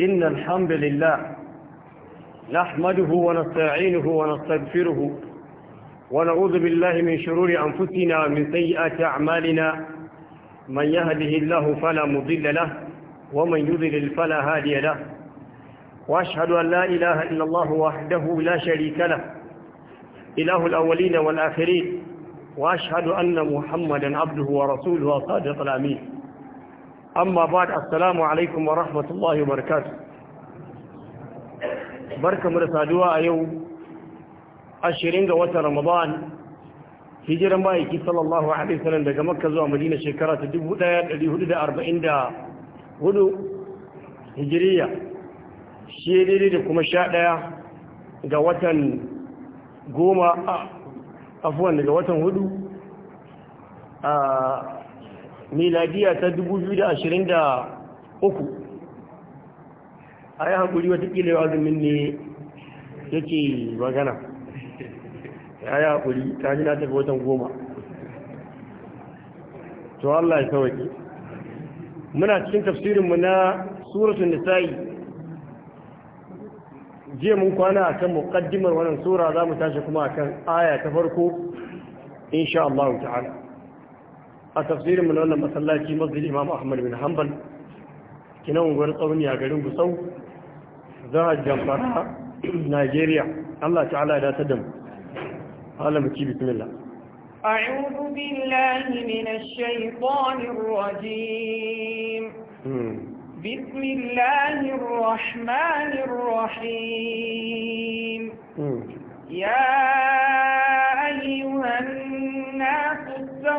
إن الحمد لله نحمده ونستعينه ونستغفره ونعوذ بالله من شرور أنفسنا ومن سيئات أعمالنا من يهده الله فلا مضل له ومن يضلل فلا هادي له وأشهد أن لا إله إلا الله وحده لا شريك له إله الأولين والآخرين وأشهد أن محمدا عبده ورسوله وصادق الأمين amma ba da assalamu alaikum wa rahmatullahi wa barakatu barka da saduwa a yau ashirin ga watan ramadan hijiran ma'aiki sallallahu alaihi wasallam daga makka zuwa madina shekara ta 1444 hijiriya shi daidai kuma sha ɗaya ga watan goma afuwan watan hudu a miladiya ta 2023 a yi haƙuri watakila yau azumin ne yake magana ya yi haƙuri ta na tafi watan goma to Allah ya kawai muna cikin tafsirinmu na suratun nisa'i je mun kwana a kan muƙaddimar wannan sura za mu tashi kuma a kan aya ta farko insha Allah ta'ala تفسير من أن مسلا كي مسجد الإمام أحمد بن حنبل كنا نقول قرن يعقلون بصو ذا الجمبرة نيجيريا الله تعالى لا تدم هذا بكي بسم الله أعوذ بالله من الشيطان الرجيم بسم الله الرحمن الرحيم يا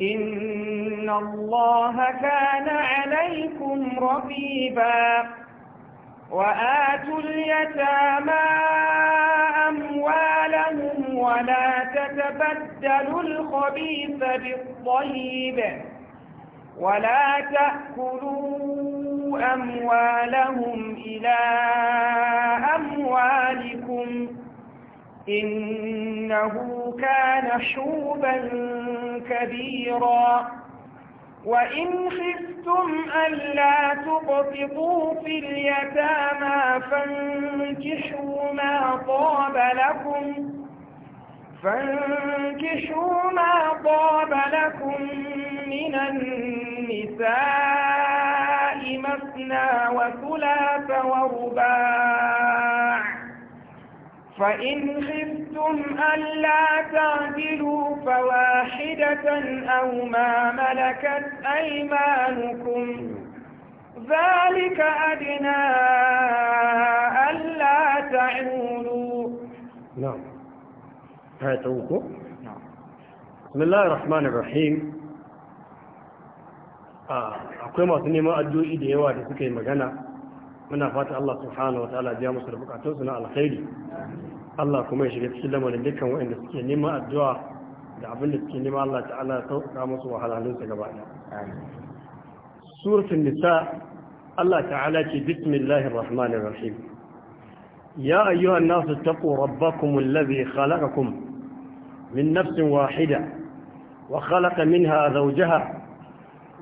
إن الله كان عليكم رقيبا وآتوا اليتامى أموالهم ولا تتبدلوا الخبيث بالطيب ولا تأكلوا أموالهم إلى أموالكم إنه كان شوبا كبيرا وإن خفتم ألا تقسطوا في اليتامى فانكشوا ما طاب لكم فانكشوا ما طاب لكم من النساء مثنى وثلاث ورباع فإن خفتم ألا تعدلوا فواحدة أو ما ملكت أيمانكم ذلك أدنى ألا تعولوا نعم هاتوكو نعم بسم الله الرحمن الرحيم akwai masu neman addu'o'i da yawa da muna fata Allah subhanahu wa ta'ala biya musu da bukatun su na alkhairi Allah kuma ya shiga cikin lamarin dukkan waɗanda suke neman addu'a da abin da suke neman Allah ta'ala ya sauƙaƙa musu wahalhalun su gaba ɗaya suratul nisa Allah ta'ala ce bismillahir rahmanir rahim ya ayyuhan nasu taqu rabbakum alladhi khalaqakum min nafsin wahida wa khalaqa minha zawjaha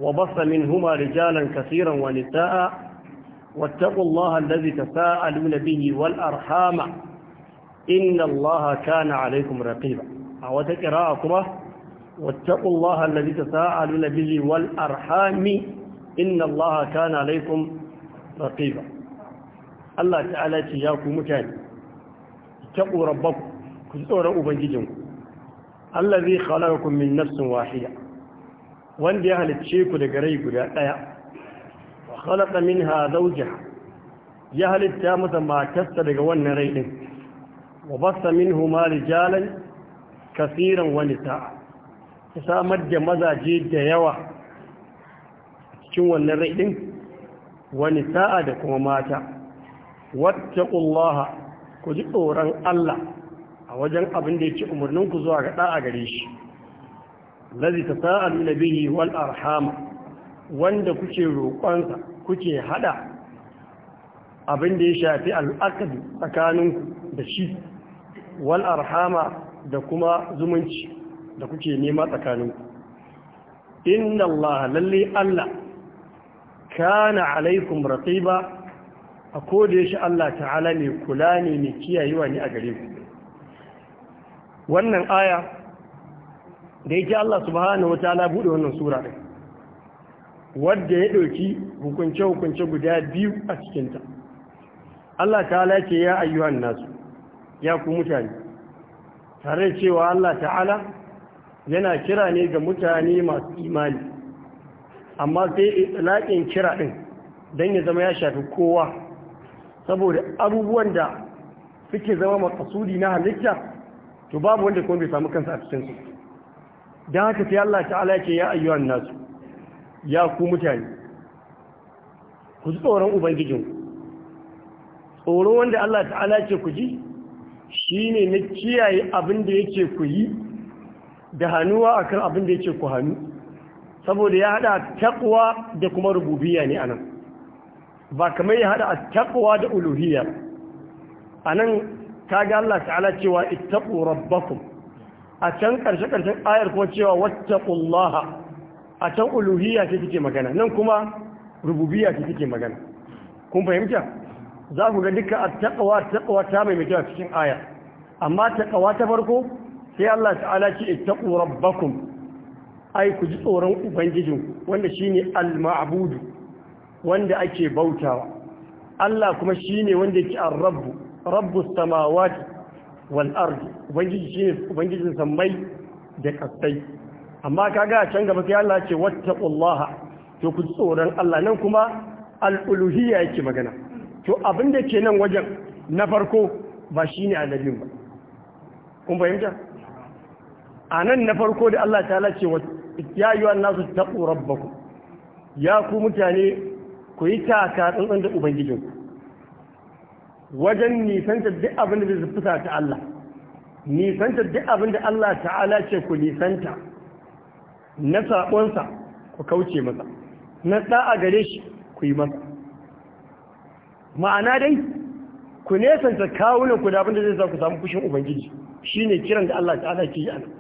وبص منهما رجالا كثيرا ونساء واتقوا الله الذي تساءلون به والأرحام إن الله كان عليكم رقيبا أو تقراءكم واتقوا الله الذي تساءلون به والأرحام إن الله كان عليكم رقيبا الله تعالى تجاكم متان اتقوا ربكم كنتوا أبنجيكم الذي خلقكم من نفس واحدة wanda ya halicce ku daga rai guda ɗaya khalaqa minha zawjaha ya halitta masa matarsa daga wannan rai din wa basta minhuma rijalan kasiran wa ya samar da mazaje da yawa cikin wannan ra'idin wani sa'a da kuma mata Wacce Ullaha ku ji tsoron Allah a wajen abin da umarnin ku zuwa ga da'a gare shi lazi tasa'alu bihi wal arhama wanda kuke roƙonsa kuke hada abin da ya shafi al’akadu tsakaninku da shi wal arhama da kuma zumunci da kuke nema tsakaninku inna Allah lalle Allah kana alaikum ba, a koda shi Allah ta'ala ne kula ne mai kiyayewa ne a gare ku wannan aya da yake Allah subhanahu ta'ala bude wannan sura din wadda ya ɗauki hukunce-hukunce guda biyu a cikinta Allah ta'ala ce ya ayyuhan nasu ya ku mutane tare cewa Allah ta'ala yana kira ne ga mutane masu imani amma sai laƙin kira ɗin don ya zama ya shafi kowa saboda abubuwan da suke zama makasudi na halitta to babu wanda kuma bai samu kansa a cikinsu don haka sai Allah ta'ala ke ya ayyuhan nasu ya ku mutane ku ji tsoron ubangijin tsoron wanda Allah ta'ala ce ku ji shi ne na kiyaye abinda da yake ku yi da hannuwa a kan abin da yake ku hannu saboda ya haɗa takwa da kuma rububiya ne anan ba kamar ya haɗa takwa da uluhiyya anan ga Allah ta'ala cewa ittaqu rabbakum a can ƙarshe karshen ayar kuma cewa wattaqullaha a can uluhiyya ce kike magana nan kuma rububiyya ce kike magana kun fahimta za ku ga duka attaqwa taqwa ta mai mutuwa cikin aya amma taqwa ta farko sai Allah ta'ala ce ittaqu rabbakum ai ku ji tsoron ubangijin wanda shine al-ma'budu wanda ake bautawa Allah kuma shine wanda yake ar-rabbu rabbus samawati wal ardi ubangiji shine ubangijin sammai da kasai amma kaga a can gaba sai Allah ce wattaqullaha to ku tsoron Allah nan kuma al-uluhiyya yake magana to abin da ke nan wajen na farko ba shine annabin ba kun bayyana anan na farko da Allah ta ce ya yi wa nasu taqu rabbakum ya ku mutane ku yi taka tsantsan da ubangijin wajen nisantar duk abin da zai fusa ta Allah nisantar duk abin da Allah ta'ala ce ku nisanta na saƙonsa ku kauce masa na ɗa'a gare shi ku yi masa ma'ana dai ku nesanta kawunan ku da abinda zai sa ku samu fushin ubangiji shi ne kiran da Allah ta'ala ke yi anan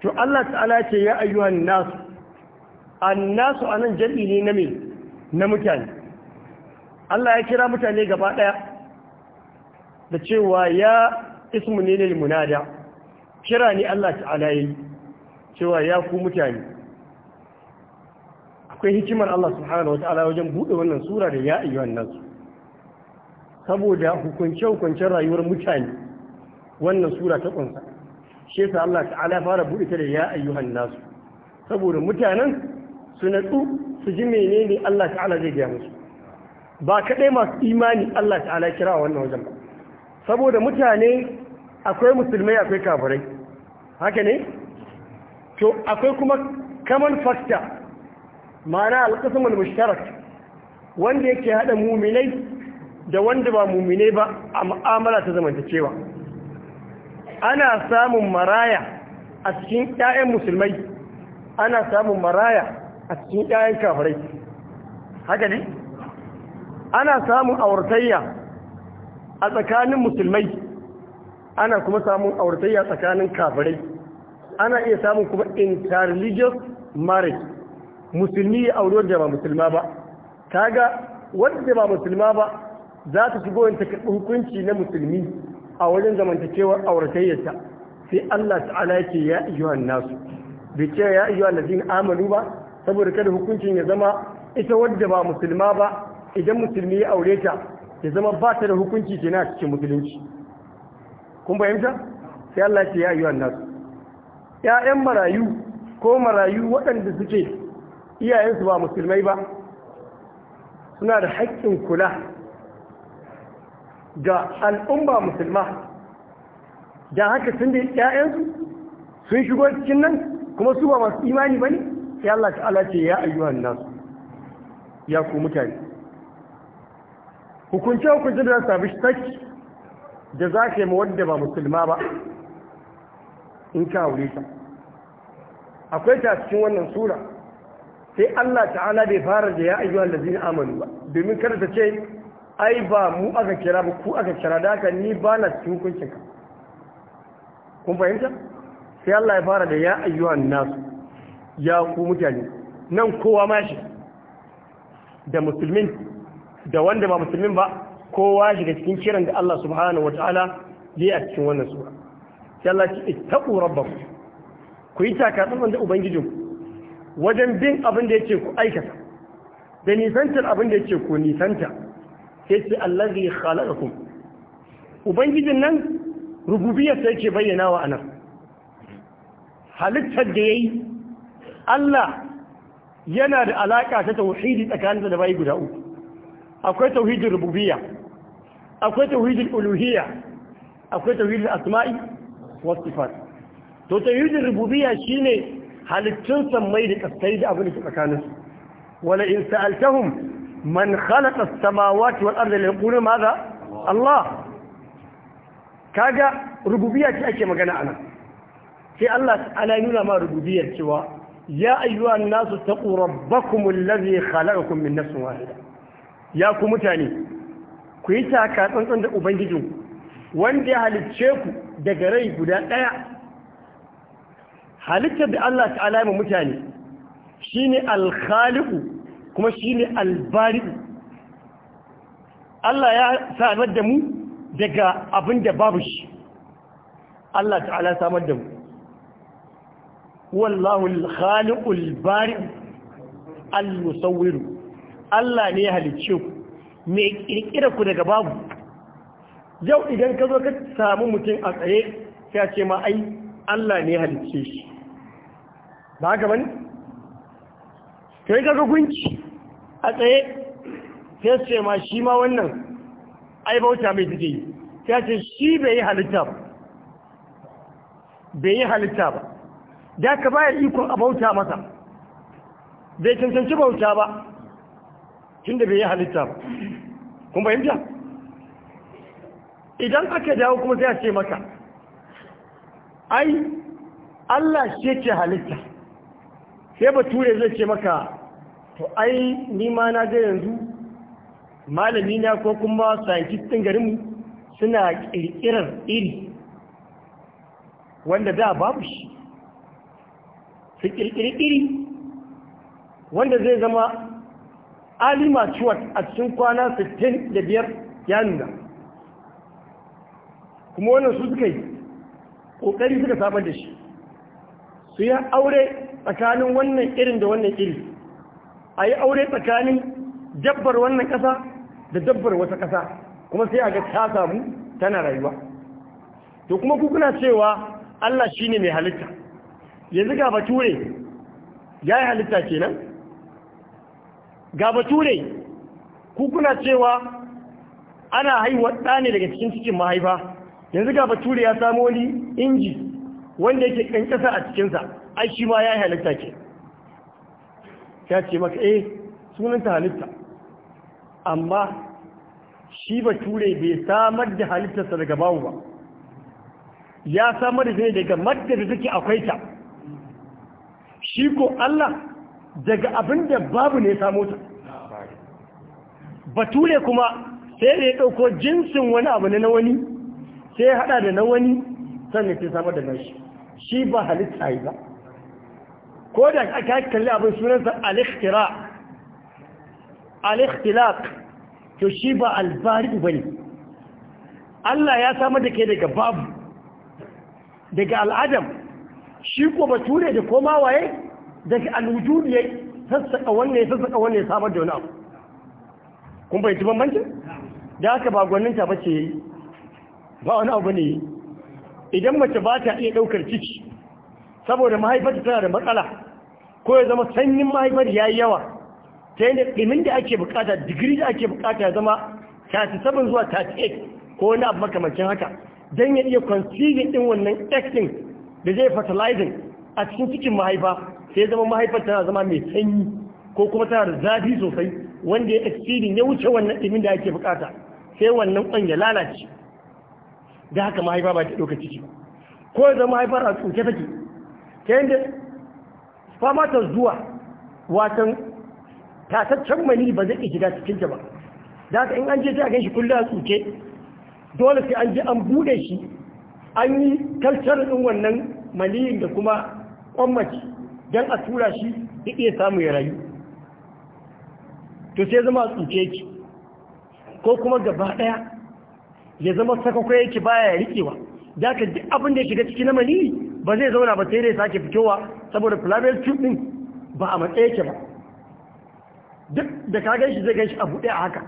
to Allah ta'ala ce ya ayyuhan nasu a anan jam'i ne na me na mutane Allah ya kira mutane gaba ɗaya da cewa ya ismu ne ne munada kira ne Allah ta'ala ya yi. cewa ya ku mutane akwai hikimar Allah subhanahu wa ta'ala wajen buɗe wannan sura da ya ayyuhan nasu saboda hukunce hukuncen rayuwar mutane wannan sura ta kunsa shi yasa Allah ta'ala fara buɗe ta da ya ayyuhan nasu saboda mutanen su natsu su ji menene Allah ta'ala zai gaya musu ba kaɗai masu imani Allah ta'ala kira wannan wajen ba saboda mutane akwai musulmai akwai kafirai haka ne to akwai kuma common factor ma'ana alƙasumul mushtarak wanda yake haɗa muminai da wanda ba muminai ba a mu'amala ta zamantakewa ana samun maraya a cikin ɗayan musulmai ana samun maraya a cikin ɗayan kafirai haka ne ana samun auratayya a tsakanin musulmai ana kuma samun auratayya tsakanin kafirai ana iya samun kuma interreligious marriage musulmi ya auri wadda ba musulma ba kaga wadda ba musulma ba za ta shigo in ta hukunci na musulmi a wajen zamantakewar auratayyarta sai Allah ta'ala yake ya ayyuhan nasu bai ce ya ayyuhan ladina amalu ba saboda kada hukuncin ya zama ita wadda ba musulma ba idan musulmi ya aure ta ya zama ba ta da hukunci ke na cikin musulunci kun fahimta sai Allah ya ayyuhan nasu 'ya'yan marayu ko marayu waɗanda suke iyayensu ba musulmai ba suna da haƙƙin kula ga al'umma musulma da haka sun da 'ya'yansu sun shigo cikin nan kuma su ba masu imani ba ne Ya Allah ta'ala ce ya ayyuhan nasu ya ku mutane hukunce hukunce da za su tafi da za ka yi ma wadda ba musulma ba in ka aure ta akwai ta cikin wannan sura sai Allah ta'ala bai fara da ya ayyuhal ladina amanu ba domin kada ta ce ai ba mu aka kira ba ku aka kira da haka ni ba na cikin hukuncin ka kun fahimta sai Allah ya fara da ya ayyuhan nasu ya ku mutane nan kowa ma shi da musulmin da wanda ba musulmin ba kowa shiga cikin kiran da Allah subhanahu wataala ya a cikin wannan sura Allah ce ittaqu rabbakum ku yi takatsantsan da ubangijinku wajen bin abin da yake ku aikata da nisantar abin da yake ku nisanta sai ce allazi khalaqakum ubangijin nan rububiyar sai yake bayyana wa anan halittar da yayi Allah yana da alaka ta tauhidi tsakanin da bai guda uku akwai tauhidin rububiyya akwai tauhidin uluhiyya akwai tauhidin asma'i wasifat to tauhidin rububiyya shine halittun samai da kasai da abin da tsakanin wala in sa'altahum man khalaqa as-samawati wal arda la madha Allah kaga rububiyya ce ake magana ana? sai Allah ta'ala nuna ma rububiyyar cewa ya ayyuhan nasu taqu rabbakum allazi khalaqakum min nafsin wahida ya ku mutane ku yi taka tsantsan da ubangijinku wanda ya halicce ku daga rai guda ɗaya halittar da Allah ta'ala alama mutane shi al alhaliku kuma shi al-bari'u Allah ya samar da mu daga abin da babu shi Allah ta'ala samar da mu wallahu alhaliku khaliqu al-bari'u Allah ne ya halicce ku mai kirkira ku daga babu yau idan ka zo ka samu mutum a tsaye sai a ce ma ai Allah ne halicce shi ba ka bane kai ka ga gunci a tsaye sai ce ma shi ma wannan ai bauta mai take yi sai ce shi bai yi halitta ba bai yi halitta ba da ka baya ikon a bauta masa bai cancanci bauta ba tun da bai yi halitta ba kun fahimta idan aka dawo kuma sai a ce maka ai Allah shi yake halitta sai bature zai ce maka to ai ni ma na ga yanzu malami na ko kuma scientist din garinmu suna kirkirar iri wanda da babu shi su kirkiri iri wanda zai zama alima ciwon a cikin kwana 65 ya nuna kuma wannan su suka yi ƙoƙari suka samar da shi su yi aure tsakanin wannan irin da wannan iri a yi aure tsakanin dabbar wannan ƙasa da dabbar wata ƙasa kuma sai a ga ta samu tana rayuwa to kuma ku kuna cewa Allah shi ne mai halitta yanzu ga bature ya yi halitta kenan ga bature ku kuna cewa ana haihuwa ɗa daga cikin cikin mahaifa yanzu ga bature ya samo wani inji wanda yake kankasa a cikinsa ai shi ma ya yi halitta ke ta ce maka eh sunanta halitta amma shi bature bai samar da halittarsa daga bawu ba ya samar da zai daga madda da take akwai ta shi ko Allah daga abin da babu ne samo ta bature kuma sai da ya ɗauko jinsin wani abu na wani sai ya haɗa da na wani sannan sai samar da nashi shi ba halitta yi ba ko da aka kalli abin sunansa al-ikhtira al-ikhtilaq to shi ba ba bane Allah ya samar da ke daga babu daga al'adam shi ko bature da koma waye daga al-wujud yayi sassaka wannan ya sassaka wannan ya samar da wani abu kun bai ji bambanci da haka ba gwaninta bace yi. ba wani abu ne idan mace ba ta iya ɗaukar ciki saboda mahaifarta tana da matsala ko ya zama sanyin mahaifar ya yi yawa ta yadda ɗimin da ake bukata digiri da ake bukata zama 37 zuwa 38 ko wani abu makamancin haka don ya iya conceiving ɗin wannan acting da zai fertilizing a cikin cikin mahaifa sai zama mahaifar tana zama mai sanyi ko kuma tana da zafi sosai wanda ya exceeding ya wuce wannan ɗimin da ake bukata sai wannan ƙwan ya lalace da haka mahaifa ba ta ɗauka ciki ko ya zama haifar a tsoke take ta yadda fama ta zuwa watan tataccen mani ba zai shiga cikin ta ba da haka in an je sai a ganshi kullum a tsuke, dole sai an je an bude shi an yi kalcar ɗin wannan maniyin da kuma ƙwammaci, don a tura shi ya iya samu ya rayu to sai zama a tsuke ko kuma gaba ɗaya ya zama sakakwai yake baya rikewa da ka duk abin da ya shiga ciki na mani ba zai zauna ba sai dai sake fitowa saboda flavial tube din ba a matsaye yake ba duk da ka gan shi zai gan shi a buɗe a haka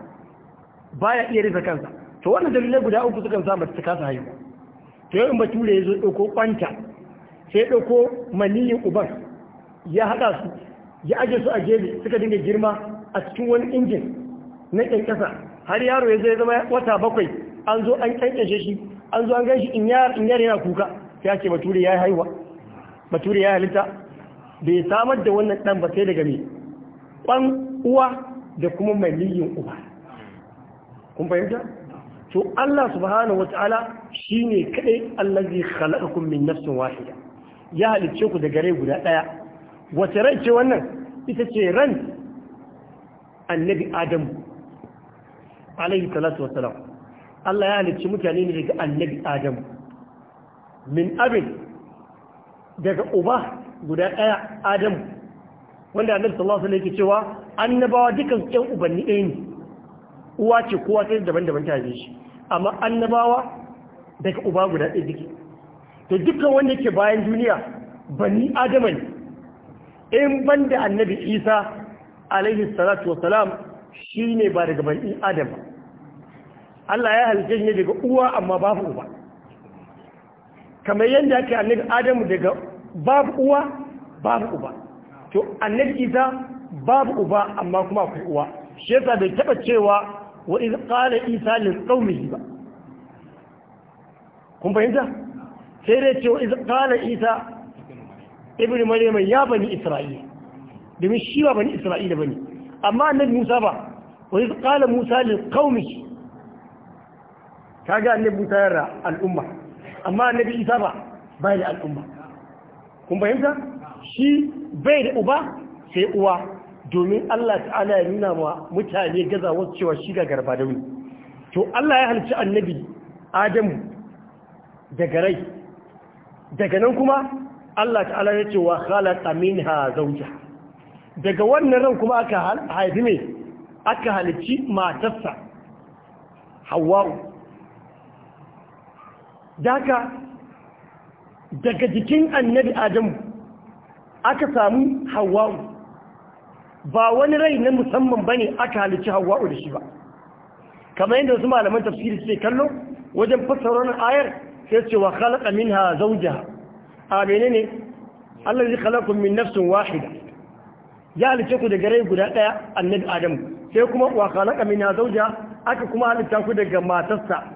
baya iya rufe kansa to wannan dalilai guda uku sukan sa mace ta kasa haihuwa to yau in bature ya zo ɗauko kwanta sai ya ɗauko maniyin uban ya haɗa su ya aje su a jeji suka dinga girma a cikin wani injin na ƙyanƙyasa har yaro ya zai zama wata bakwai an zo an kyankyashe shi an zo an gan shi in yare yana kuka ya ce bature ya yi haihuwa bature ya halitta bai samar da wannan dan ba sai daga mai kwan uwa da kuma mai maniyin uba kun fahimta to Allah subhanahu wata'ala shine kadai allazi khalaqakum min nafsin wahida ya halicce ku daga rai guda daya wace rai ce wannan ita ce ran annabi adam alaihi salatu wassalam Allah ya halicci mutane ne daga annabi Adam min abin daga uba guda ɗaya Adam wanda annabi sallallahu alaihi wasallam yake cewa annabawa dukan ƴan ubanni ɗaya ne uwa ce kowa sai daban-daban ta haife shi amma annabawa daga uba guda ɗaya duke to dukkan wanda yake bayan duniya bani Adamu ne in banda annabi Isa alaihi salatu wasalam shine ba daga bani Adam ba Allah ya halice daga uwa amma babu uba kamar yadda ake annabi Adamu daga babu uwa babu uba to annabi Isa babu uba amma kuma akwai uwa shi yasa bai taba cewa wa iz qala Isa li qaumihi ba kun fahimta sai dai cewa iz qala Isa ibnu maryam ya bani Isra'ila domin shi ba bani Isra'ila bane amma annabi Musa ba wa iz qala Musa li qaumihi kaga annabi Musa yara al'umma amma annabi Isa ba bai da al'umma kun fahimta shi bai da uba sai uwa domin Allah ta'ala ya nuna wa mutane wasu cewa shi ga garba da wuni to Allah ya halicci annabi Adamu daga rai daga nan kuma Allah ta'ala ya ce wa khalaqa minha zawja daga wannan ran kuma aka haifi me aka halici matarsa Hawwa'u daga daga jikin annabi adamu aka samu hawa'u ba wani rai na musamman ba ne aka halici hawa'u da shi ba kamar yadda wasu malaman tafsiri sai kallo wajen fassara ayar sai ce wa min ha zauja a ne Allah zai khalaka min nafsin wahida ya halice ku daga rai guda daya annabi Adamu sai kuma wa min ha zauja aka kuma halitta ku daga matarsa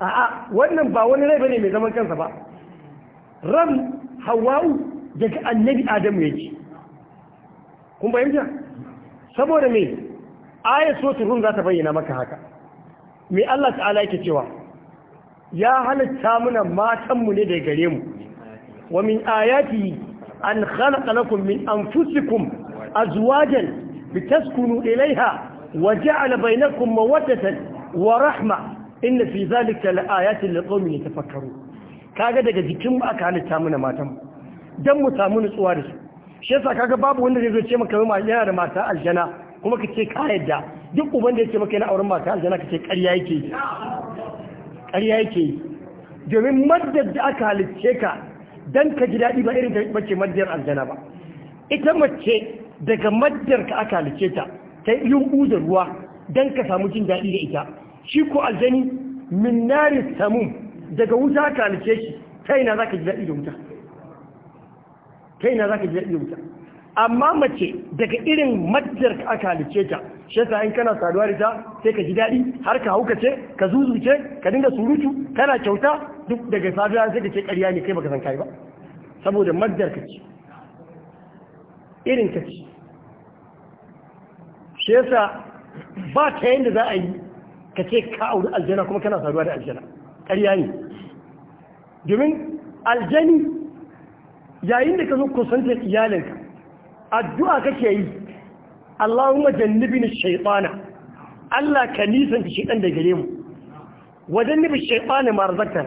a'a wannan ba wani rai bane mai zaman kansa ba ran hawa'u daga annabi adamu yake kun fahimta saboda me ayat suratul rum za ta bayyana maka haka me Allah ta'ala yake cewa ya halatta muna matan mu ne da gare mu wa min ayati an khalaqa lakum min anfusikum azwajan litaskunu ilayha wa ja'ala bainakum mawaddatan wa rahma inna fi zalika laayatin liqaumin yatafakkarun kaga daga jikin mu aka halitta mana matan dan mu samu nutsuwa da su shi yasa kaga babu wanda zai zo ce maka mai yana da mata aljana kuma ka ce ka yadda duk uban da yake maka yana auren mata aljana ka ce ƙarya yake ƙarya yake domin maddar da aka halicce ka dan ka ji daɗi ba irin ta bace maddar aljana ba ita mace daga maddar ka aka halicce ta ta yi da ruwa dan ka samu jin daɗi da ita shi ko aljani min nari samum daga wuta ka halice shi ta ina za ka ji daɗi da wuta ta ina za ka ji daɗi da wuta amma mace daga irin majjar ka aka halice ta shi yasa in kana saduwa da ta sai ka ji daɗi har ka haukace ka zuzuce ka dinga surutu kana kyauta duk daga saduwa sai ka ce ƙarya ne kai baka san kai ba saboda majjar ka ce irin ka ce shi yasa ba ta yadda za a yi ka ce ka auri aljana kuma kana saduwa da aljana ƙarya ne domin aljani yayin da ka zo kusantar iyalinka addu'a kake yi Allahumma jannibin shaytana Allah ka nisanta shaytan da gare mu wajen nufin shaytana mara zakar.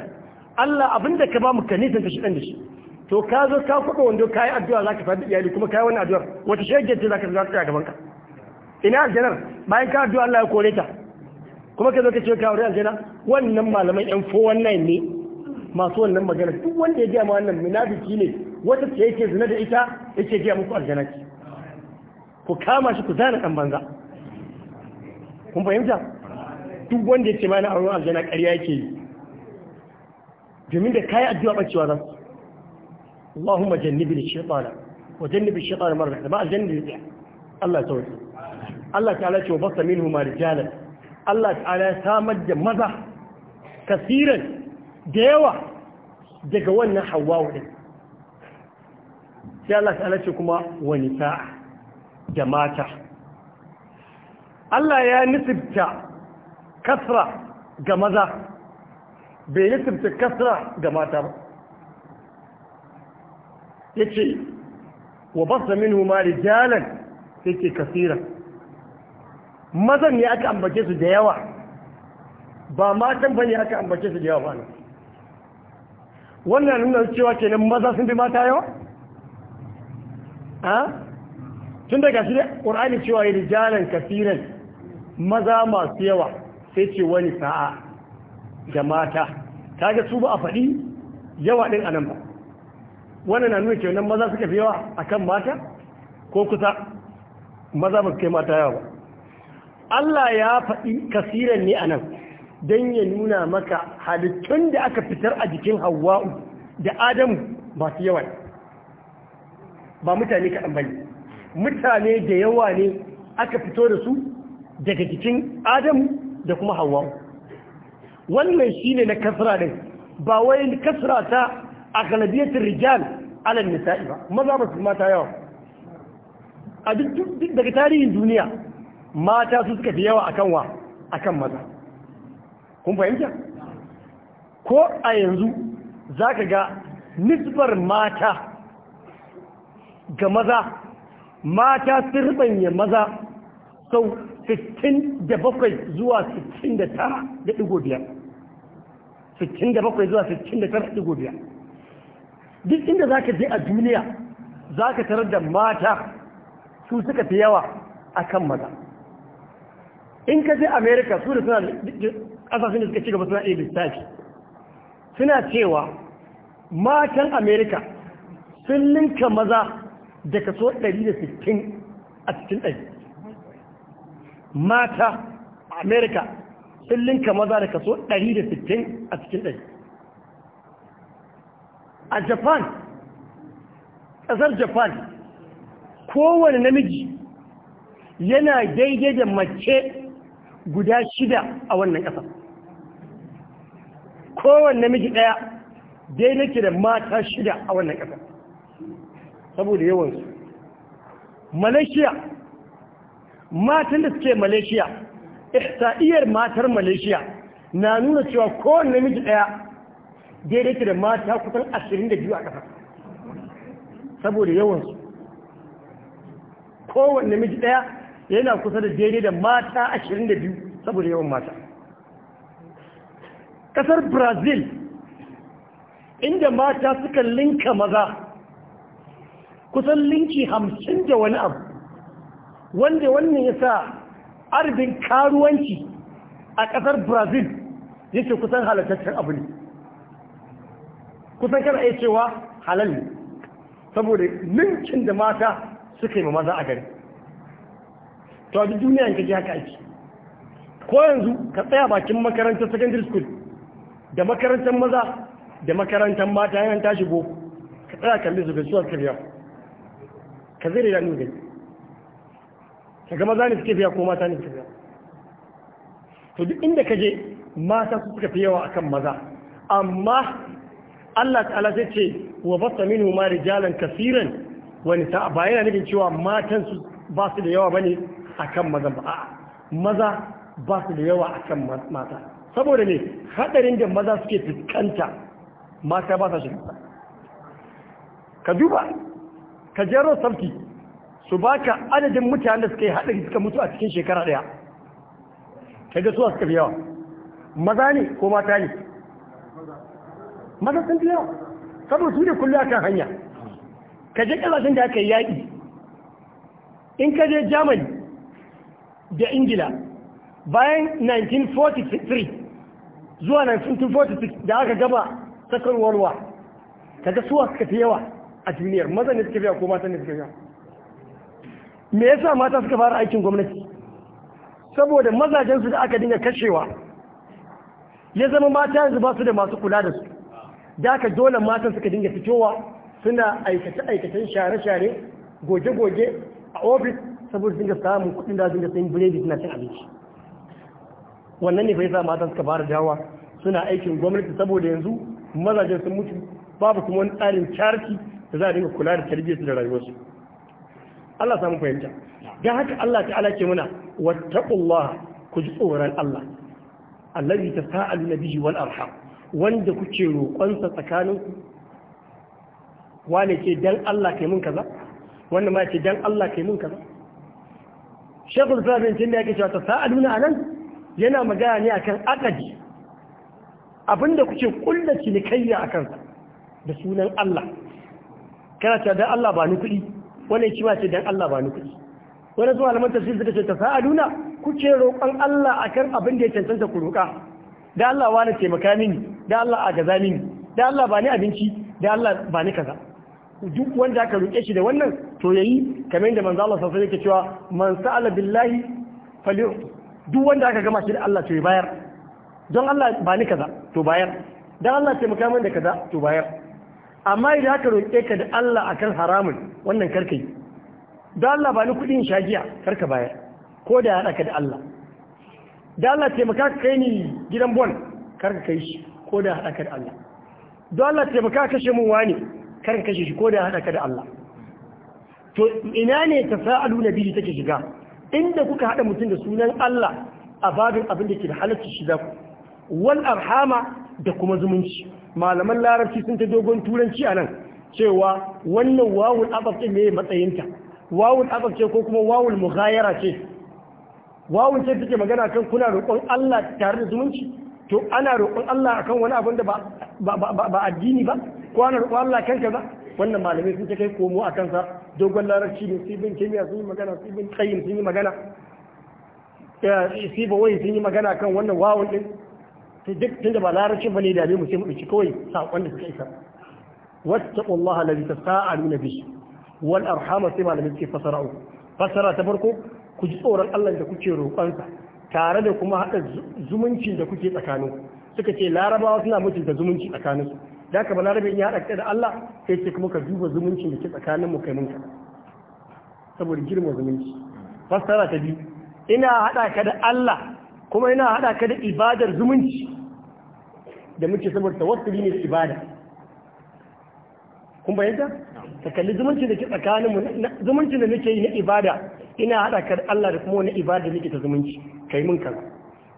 Allah abinda ka ba mu ka nisanta shaytan da shi to ka zo ka kuɗa wando ka yi addu'a za ka faɗi iyali kuma ka yi wani addu'ar wata shaidar ce za ka zaɓa a gabanka ina aljanar bayan ka addu'a Allah ya kore ta kuma ka zo ka ce ka aure aljana wannan malaman yan 419 ne masu wannan magana duk wanda ya gaya ma wannan munafiki ne wata ce yake zina da ita yake gaya muku aljana ce ku kama shi ku zana dan banza kun fahimta duk wanda ya ce ma na auren aljana ƙarya yake yi domin da kayi addu'a bacewa zan Allahumma jannibi da shaitana wa jannibi shaitana marar da ba aljanna da Allah ya sauke Allah ta'ala ce wa basta minhu ma rijalan Allah ta'ala ya samar da maza kasiran da yawa daga wannan hawa din sai Allah ta'ala ce kuma wani ta'a da mata Allah ya nisibta kasra ga maza bai nisibta kasra ga mata ba Ya ce wa basa minhu ma rijalan yake kasiran mazan ne aka ambace su da yawa ba matan ba ne aka ambace su da yawa ba wannan nuna cewa kenan maza sun fi mata yawa a tun daga shi ƙur'ani cewa yi rijalan kafinan maza masu yawa sai ce wani sa'a da mata Ta ga su ba a faɗi yawa ɗin anan ba wannan na nuna nan maza suka fi yawa a kan mata ko kusa maza ba su kai mata yawa ba Allah ya faɗi kasiran ne a nan don ya nuna maka halittun da aka fitar a jikin Hawwa'u da Adamu ba su yawa ba mutane kaɗan ba mutane da yawa ne aka fito da su daga jikin Adamu da kuma Hawwa'u wannan shi ne na kasra ɗin ba wai kasra ta a galibiyar rijal alal nisa'i ba maza ba su mata yawa a duk daga tarihin duniya mata su suka fi yawa akan wa akan maza kun fahimta ko a yanzu za ga nisbar mata ga maza mata rubanye maza sau 67 zuwa 69.5 zuwa 69.5 duk inda za ka je a duniya za ka tarar da mata su suka fi yawa a kan maza in ka je america su da suna kasashen da suka ci gaba suna iya lissafi suna cewa matan america sun linka maza da kaso 160 a cikin ɗari mata Amerika america sun linka maza da kaso 160 a cikin ɗari a japan ƙasar japan kowane namiji yana daidai da mace guda shida a wannan ƙasa kowanne miji ɗaya dai nake da mata shida a wannan ƙasa saboda yawansu malaysia matan da suke malaysia ihsa'iyar matar malaysia na nuna cewa kowanne miji ɗaya dai nake da mata kusan ashirin da biyu a ƙasa saboda yawansu kowanne miji ɗaya yana kusa da daidai da mata 22 saboda yawan mata kasar brazil inda mata suka linka maza kusan linki hamsin da wani abu wanda wannan ya sa arbin karuwanci a kasar brazil yake kusan halattaccen abu ne kusan kana iya cewa halal ne saboda linkin da mata suka yi maza a gari to a duniya in ji haka ake ko yanzu ka tsaya bakin makarantar secondary school da makarantar maza da makarantar mata yayin tashi boko ka tsaya kalli zuga suwar kariya ka zai da nuna gani ka ga maza ne suke biya ko mata ne suke biya to duk inda ka je mata su suka fi yawa akan maza amma Allah ta'ala sai ce wa basta minhu ma rijalan kaseeran wani ta ba yana nufin cewa matan su ba su da yawa bane akan maza ba a maza ba su da yawa a kan mata saboda ne hadarin da maza suke fuskanta mata ba sa shiga ka duba ka jero sabki su baka adadin mutanen da suka yi hadari suka mutu a cikin shekara daya ga suwa suka fi yawa maza ne ko mata ne maza sun fi yawa saboda su ne kullu akan hanya ka je kasashen da aka yi yaƙi in ka je germany da ingila bayan 1943 zuwa 1946 da aka gaba sakar warwa kaga suwa suka fi yawa a duniyar maza ne suka biya ko mata ne suka biya me yasa mata suka fara aikin gwamnati saboda mazajensu da aka dinga kashewa ya zama mata yanzu ba su da masu kula da su da aka dole matan suka dinga fitowa suna aikace-aikacen share-share goge-goge a ofis saboda sun ga samun kuɗin da sun ga sun biredi suna cin abinci wannan ne fa yasa matan suka fara dawa suna aikin gwamnati saboda yanzu mazajen sun mutu babu kuma wani tsarin charity da za a dinga kula da tarbiyyar da rayuwarsu Allah samu fahimta dan haka Allah ta'ala ke muna wattaqullaha ku ji tsoron Allah allazi tasaalu nabiyyi wal arham wanda kuke roƙonsa tsakaninku wane ce dan Allah kai mun kaza wanda ma ce dan Allah kai mun kaza shekul sabin tun da yake cewa ta sa'aduna a nan yana magana ne akan akadi abinda kuke kulla cinikayya a kansa da sunan Allah kana cewa dan Allah ba ni kuɗi wani ya ce dan Allah ba ni kuɗi wani zuwa alamanta tafsir suka ce ta nuna? kuke roƙon Allah akan abin da ya cancanta ku roƙa da Allah wani taimaka mini da Allah a gaza mini da Allah ba ni abinci da Allah ba ni kaza duk wanda aka roƙe shi da wannan to yayi kamar yadda manzo Allah sallallahu alaihi wasallam yake cewa man sa'ala billahi fali duk wanda aka gama shi da Allah to ya bayar don Allah ba ni kaza to bayar don Allah ce maka da kaza to bayar amma idan aka roƙe ka da Allah akan haramun wannan karka yi don Allah ba ni kudin shagiya karka bayar ko da ya haɗa ka da Allah da Allah taimaka muka kai ni gidan bon karka kai shi ko da ya haɗa ka da Allah don Allah taimaka kashe mun wani karin kashe shi ko da haɗa ka da Allah to ina ne ta sa'alu na biyu take shiga inda kuka haɗa mutum da sunan Allah a babin abin da ke da halarci shi za ku wal arhama da kuma zumunci malaman larabci sun ta dogon turanci a nan cewa wannan wawul abafce ne matsayinta wawul abafce ce ko kuma wawul mughayara ce wawul ce take magana kan kuna roƙon Allah tare da zumunci to ana roƙon Allah akan wani abin da ba addini ba kwanar kwalla kan kaza wannan malamai sun ta kai komo a kansa dogon larabci ne bin kimiyya sun yi magana bin tsayin sun yi magana siba wai sun yi magana kan wannan wawon din to duk tunda ba larabci ba ne da mu sai mu ɗauki kawai saƙon da suka isa Wasu wattaqullaha alladhi tasaaluna bihi wal arhama sai malamai suke fasara uku fasara ta farko ku ji tsoron Allah da kuke roƙonsa tare da kuma haɗa zumunci da kuke tsakanin suka ce larabawa suna mutunta zumunci tsakaninsu da ka balarabe in ya haɗa kai da Allah sai ce kuma ka duba zumunci da ke tsakanin mu kai munka saboda girma zumunci fassara ta biyu ina haɗa ka da Allah kuma ina haɗa ka da ibadar zumunci da muke saboda tawassuli ne ibada kun bayyana ka kalli zumunci da ke tsakaninmu zumuncin da nake yi na ibada ina haɗa ka da Allah da kuma wani ibada da nake ta zumunci kai munka kaza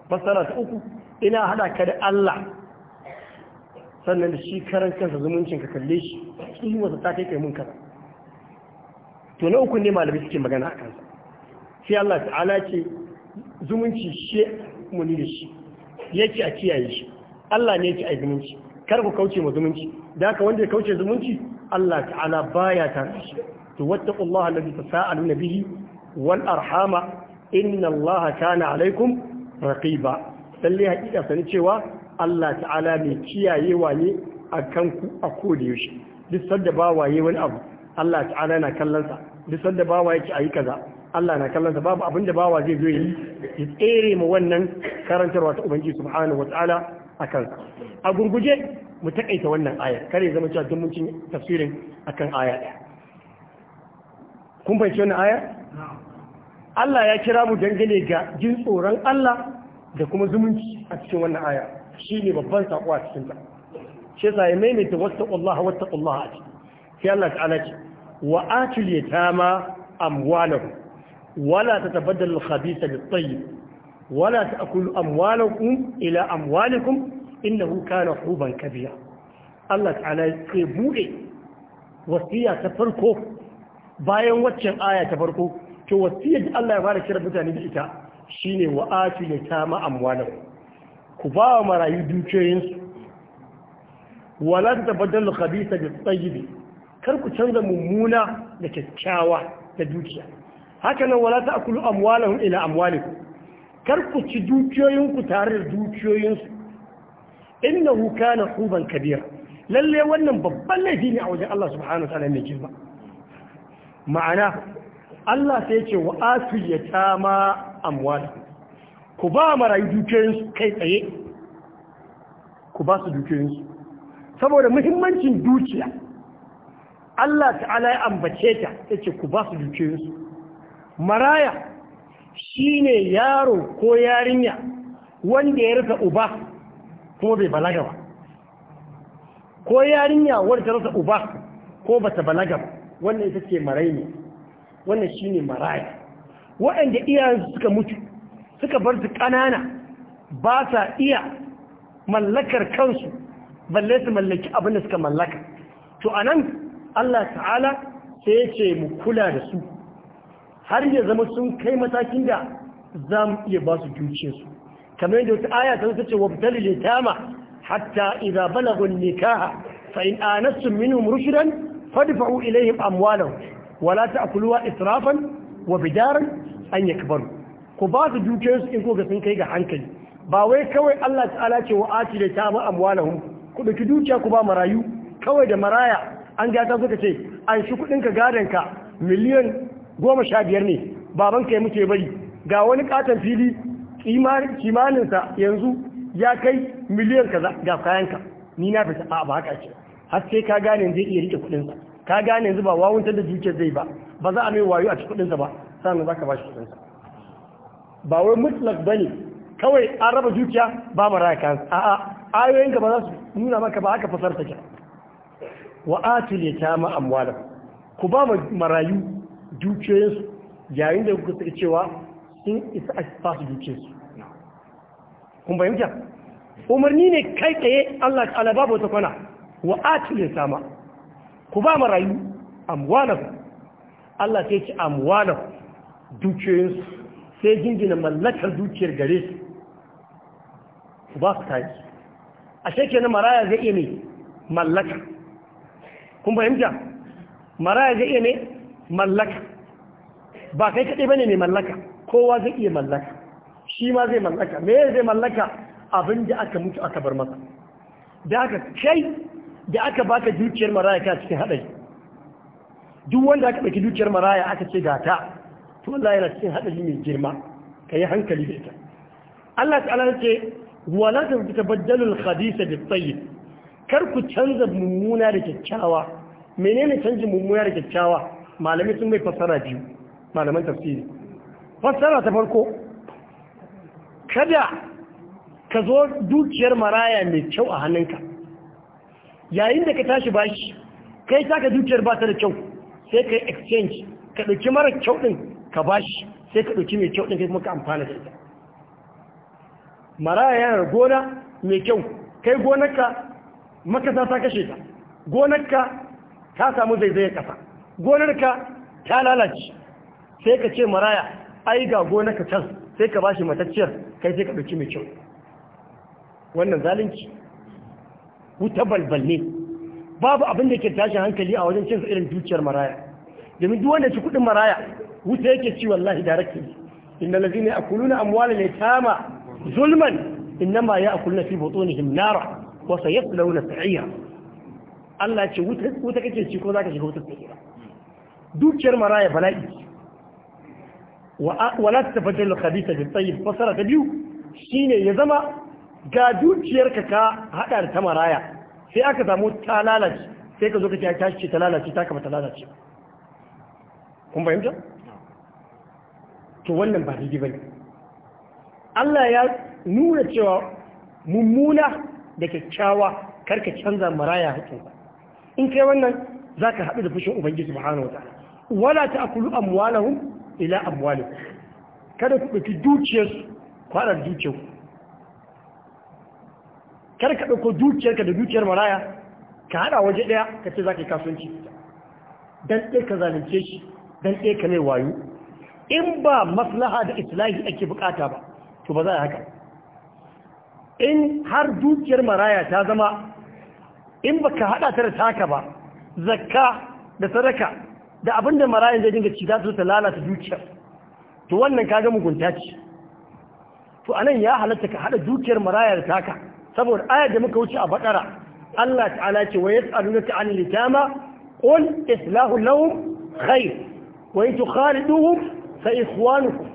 fassara ta uku ina haɗa ka da Allah sannan da shi karan kansa zumuncin ka kalle shi kimarsa ta kai kai mun kaza to na uku ne malamai suke magana a kansa sai Allah ta'ala ce zumunci shi mu da shi yake a kiyaye shi Allah ne yake a zumunci kar ku kauce mu zumunci da haka wanda ya kauce zumunci Allah ta'ala baya tare shi to wattaqullaha alladhi tasaaluna bihi wal arhama inna Allah kana alaikum raqiba lalle hakika sani cewa Allah ta'ala mai kiyayewa ne a kanku a koda yaushe duk sanda waye wani abu Allah ta'ala na kallonsa duk sanda waye ki ayi kaza Allah na kallonsa babu abin da bawa zai zo yi ya tsere ma wannan karantarwa ta ubangiji subhanahu wata'ala a kansa a gurguje mu takaita wannan aya kare zama cewa duk mun cin tafsirin akan aya ɗaya kun fahimci wannan aya Allah ya kira mu dangane ga jin tsoron Allah da kuma zumunci a cikin wannan aya shine babban sako a cikin ta shi yasa ya maimaita wattaqullaha wattaqullaha a ciki sai Allah ta'ala ce wa atul yatama amwalahu wala tatabaddalu al-khabitha bit-tayyib wala ta'kulu amwalakum ila amwalikum innahu kana huban kabira Allah ta'ala ya bude wasiya ta farko bayan waccan aya ta farko to wasiyar da Allah ya fara kira mutane da ita shine wa atul yatama amwalahu ku ba wa marayu dukiyoyinsu wala ta tabbatar da khabisa da tsayibi kar ku canza mummuna da kyakkyawa da dukiya haka nan wala ta akulu amwalahum ila amwalikum kar ku ci dukiyoyinku tare da dukiyoyinsu innahu kana huban kabira lalle wannan babban laifi ne a wajen Allah subhanahu wataala mai girma ma'ana Allah sai ya ce wa asiyata ma amwalahum ku ba marayu dukiyoyinsu kai tsaye ku ba su dukiyoyinsu saboda muhimmancin dukiya Allah ta'ala ya ambace ta ya ce ku ba su dukiyoyinsu maraya shine yaro ko yarinya wanda ya rasa uba kuma bai balaga ba ko yarinya wanda ta rasa uba ko bata balaga ba wannan ita ce marai ne wannan shine maraya waɗanda iyayensu suka mutu suka bar su ƙanana ba sa iya mallakar kansu balle su mallaki abin da suka mallaka to a nan Allah ta'ala sai ya ce mu kula da su har ya zama sun kai matakin da za mu iya ba su su kamar yadda wata aya ta wata ce wa fitar litama hatta idza balagun nikaha fa in anastum minhum rushdan fadfa'u ilayhim amwalahum wala ta'kuluha israfan wa bidaran an yakbaru ku ba su dukiyarsu in ko sun kai ga hankali ba wai kawai Allah ta'ala ce wa ati da ta ma amwalahum ku duki dukiya ku ba marayu kawai da maraya an ga ta suka ce an shi kudin ka gadan ka miliyan goma sha biyar ne baban kai muke bari ga wani katon fili kimanin sa yanzu ya kai miliyan kaza ga kayan ka ni na fita a ba haka ce har ka gane zai iya rike kudin ka gane yanzu ba wawuntar da dukiyar zai ba ba za a mai wayo a cikin kudin sa ba sannan zaka ba shi kudin ba wai mutlak ne, kawai an raba dukiya ba mara ya kansu a'a ayoyin ka ba za su nuna maka ba aka fasar ta wa atul yatama amwalam ku ba marayu dukiyoyinsu yayin da kuka cewa sun isa a fasu dukiyoyinsu kun fahimta umarni ne kai tsaye Allah ta'ala babu bauta kwana wa ta ma ku ba marayu amwalam Allah yi ce amwalam dukiyoyinsu sai jingina mallakar dukiyar gare su su ba su kayi a shekenan maraya zai iya ne mallaka kun fahimta maraya zai iya ne mallaka ba kai kaɗai ba ne mai mallaka kowa zai iya mallaka shi ma zai mallaka me zai mallaka abin da aka mutu aka bar masa da aka kai da aka baka dukiyar maraya ka cikin haɗari duk wanda aka ɗauki dukiyar maraya aka ce gata to yana cikin mai girma ka yi hankali da ita Allah ta'ala ya ce wala ta fi tabaddalul da tsaye, kar ku canza mummuna da kyakkyawa menene canjin mummuna da kyakkyawa malamai sun mai fassara biyu malaman tafsiri fassara ta farko kada ka zo dukiyar maraya mai kyau a hannunka yayin da ka tashi bashi kai taka dukiyar ba ta da kyau sai ka yi exchange ka ɗauki mara kyau ɗin ka bashi sai ka ɗauki mai kyau ɗin kai kuma ka amfana da ita maraya yana gona mai kyau kai gonarka makasa ta kashe ta gonarka ta samu zaizayar kasa gonarka ta lalace sai ka ce maraya ai ga gonarka can sai ka bashi matacciyar kai sai ka ɗauki mai kyau wannan zalunci wuta balbal ne babu abin da ke tashin hankali a wajen cinsa irin dukiyar maraya domin duk wanda ci kuɗin maraya wuta yake ci wallahi directly inna allazina yakuluna amwalal yatama zulman innama ya'kuluna fi butunihim nara wa sayaslawna sa'ira Allah ce wuta wuta kake ci ko zaka shiga wutar sa'ira dukiyar maraya bala'i wa la tatabaddalu khabitha bil tayyib fasara ta biyu shine ya zama ga dukiyarka ka hada da ta maraya sai aka samu ta lalace sai ka zo ka ce ta lalace ta kama ta lalace kun fahimta to wannan ba daidai ne. Allah ya nuna cewa mummuna da kyakkyawa karka canza maraya haƙin in kai wannan za ka haɗu da fushin ubangiji subhanahu wataala wala ta'kulu amwalahum ila amwalikum kada ku ɗauki dukiyarsu kwanar dukiyarku kada ka ɗauko dukiyar ka da dukiyar maraya ka haɗa waje ɗaya ka ce za ka yi kasuwanci Dan ɗaya ka zalunce shi dan ɗaya ka mai wayo in ba maslaha da islahi ake bukata ba to ba za a haka in har dukiyar maraya ta zama in ba ka haɗa ta da taka ba zakka da sadaka da abinda marayan zai dinga ci za su ta lalata dukiyar to wannan kaga mugunta ce to anan ya halatta ka haɗa dukiyar maraya da taka saboda ayar da muka wuce a bakara Allah ta'ala ce wa yas'alunaka 'anil litama qul islahu kai, khair wa in فإخوانكم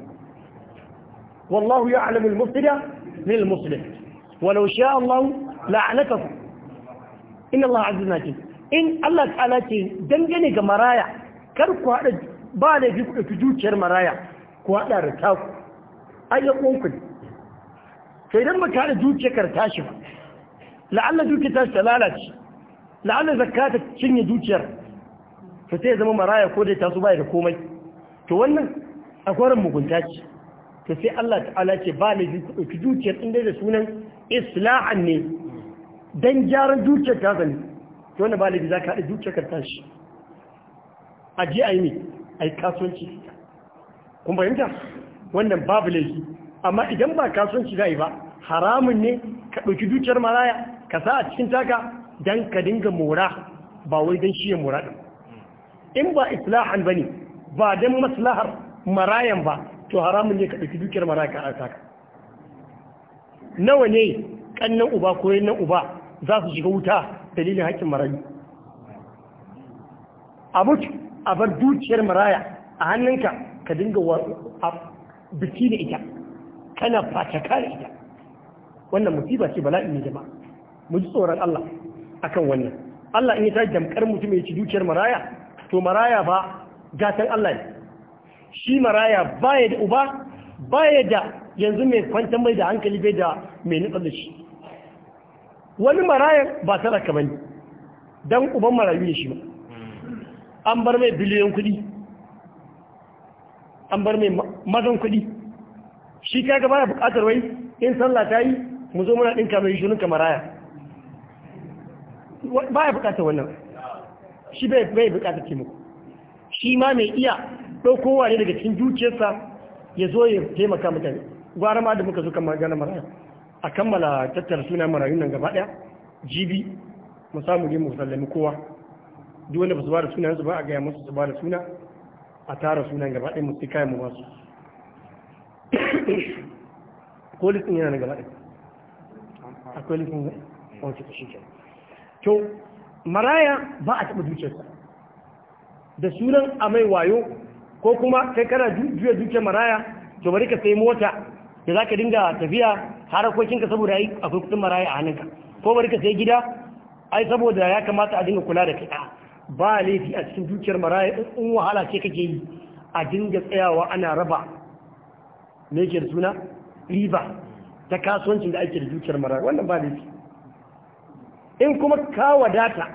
والله يعلم المفسد من ولو شاء الله لعنتكم إن الله عز وجل in Allah ta'ala ce dangane ga maraya kar ku haɗa ba da ku ɗauki dukiyar maraya ku haɗa da taku ai ya ƙonku ne sai idan baka haɗa dukiyar kar tashi ba la'alla dukiyar tashi ta lalace la'alla zakka ta cinye dukiyar to ya zama maraya ko da taso baya da komai wannan a gwarin mugunta ce to sai Allah ta'ala ce ba ne ki dukiyar inda da sunan isla'an ne dan gyaran dukiyar ta zane to wanda ba ne za ka haɗa dukiyar ta shi a je a yi ne a yi kasuwanci kun fahimta wannan babu laifi amma idan ba kasuwanci za a yi ba haramun ne ka ɗauki dukiyar maraya ka sa a cikin taka dan ka dinga mora ba wai don shi ya mora ɗin in ba islahan ba ne ba don maslahar marayan ba to haramun ne ka ɗauki dukiyar maraya ka arsa ka nawa ne ƙannan uba ko nan uba za su shiga wuta dalilin haƙƙin marayu a mutu a bar dukiyar maraya a hannunka ka dinga biki da ita kana fataka da ita wannan musiba ce bala'in ne jama'a mu ji tsoron Allah akan wannan Allah in ya ta jamkar mutum ya ci dukiyar maraya to maraya ba, gatan Allah ne shi maraya baya da uba baya da yanzu mai kwantar mai da hankali bai da mai nutsar da shi wani marayar ba saraka bane don uban marayu ne shi ba an bar mai biliyan kudi an bar mai mazan kudi shi kaga ya bukatar wai in sallah ta yi mu zo muna dinka mai shirin kamaraya ya bukatar wannan shi bai bukatar taimako shi ma mai iya ɗauko wane daga cikin dukiyarsa ya zo ya taimaka mutane gwara ma da muka zo kan magana maraya a kammala tattara suna marayun nan gaba ɗaya jibi mu samu ne mu sallami kowa duk wanda ba su ba da sunan su ba a gaya musu su ba da suna a tara sunan gaba ɗaya mu sai kayan mu ba su ko yana na gaba ɗaya akwai listin ne a ta shi to maraya ba a taɓa dukiyarsa da sunan a mai wayo ko kuma kai kana juya dukiyar maraya to bari ka sai mota da za ka dinga tafiya harakokinka saboda ai akwai kudin maraya a hannunka ko bari ka sai gida ai saboda ya kamata a dinga kula da kai ba laifi a cikin dukiyar maraya in wahala ce kake yi a dinga tsayawa ana raba me ke suna riba ta kasuwancin da ake da dukiyar maraya wannan ba laifi in kuma ka wadata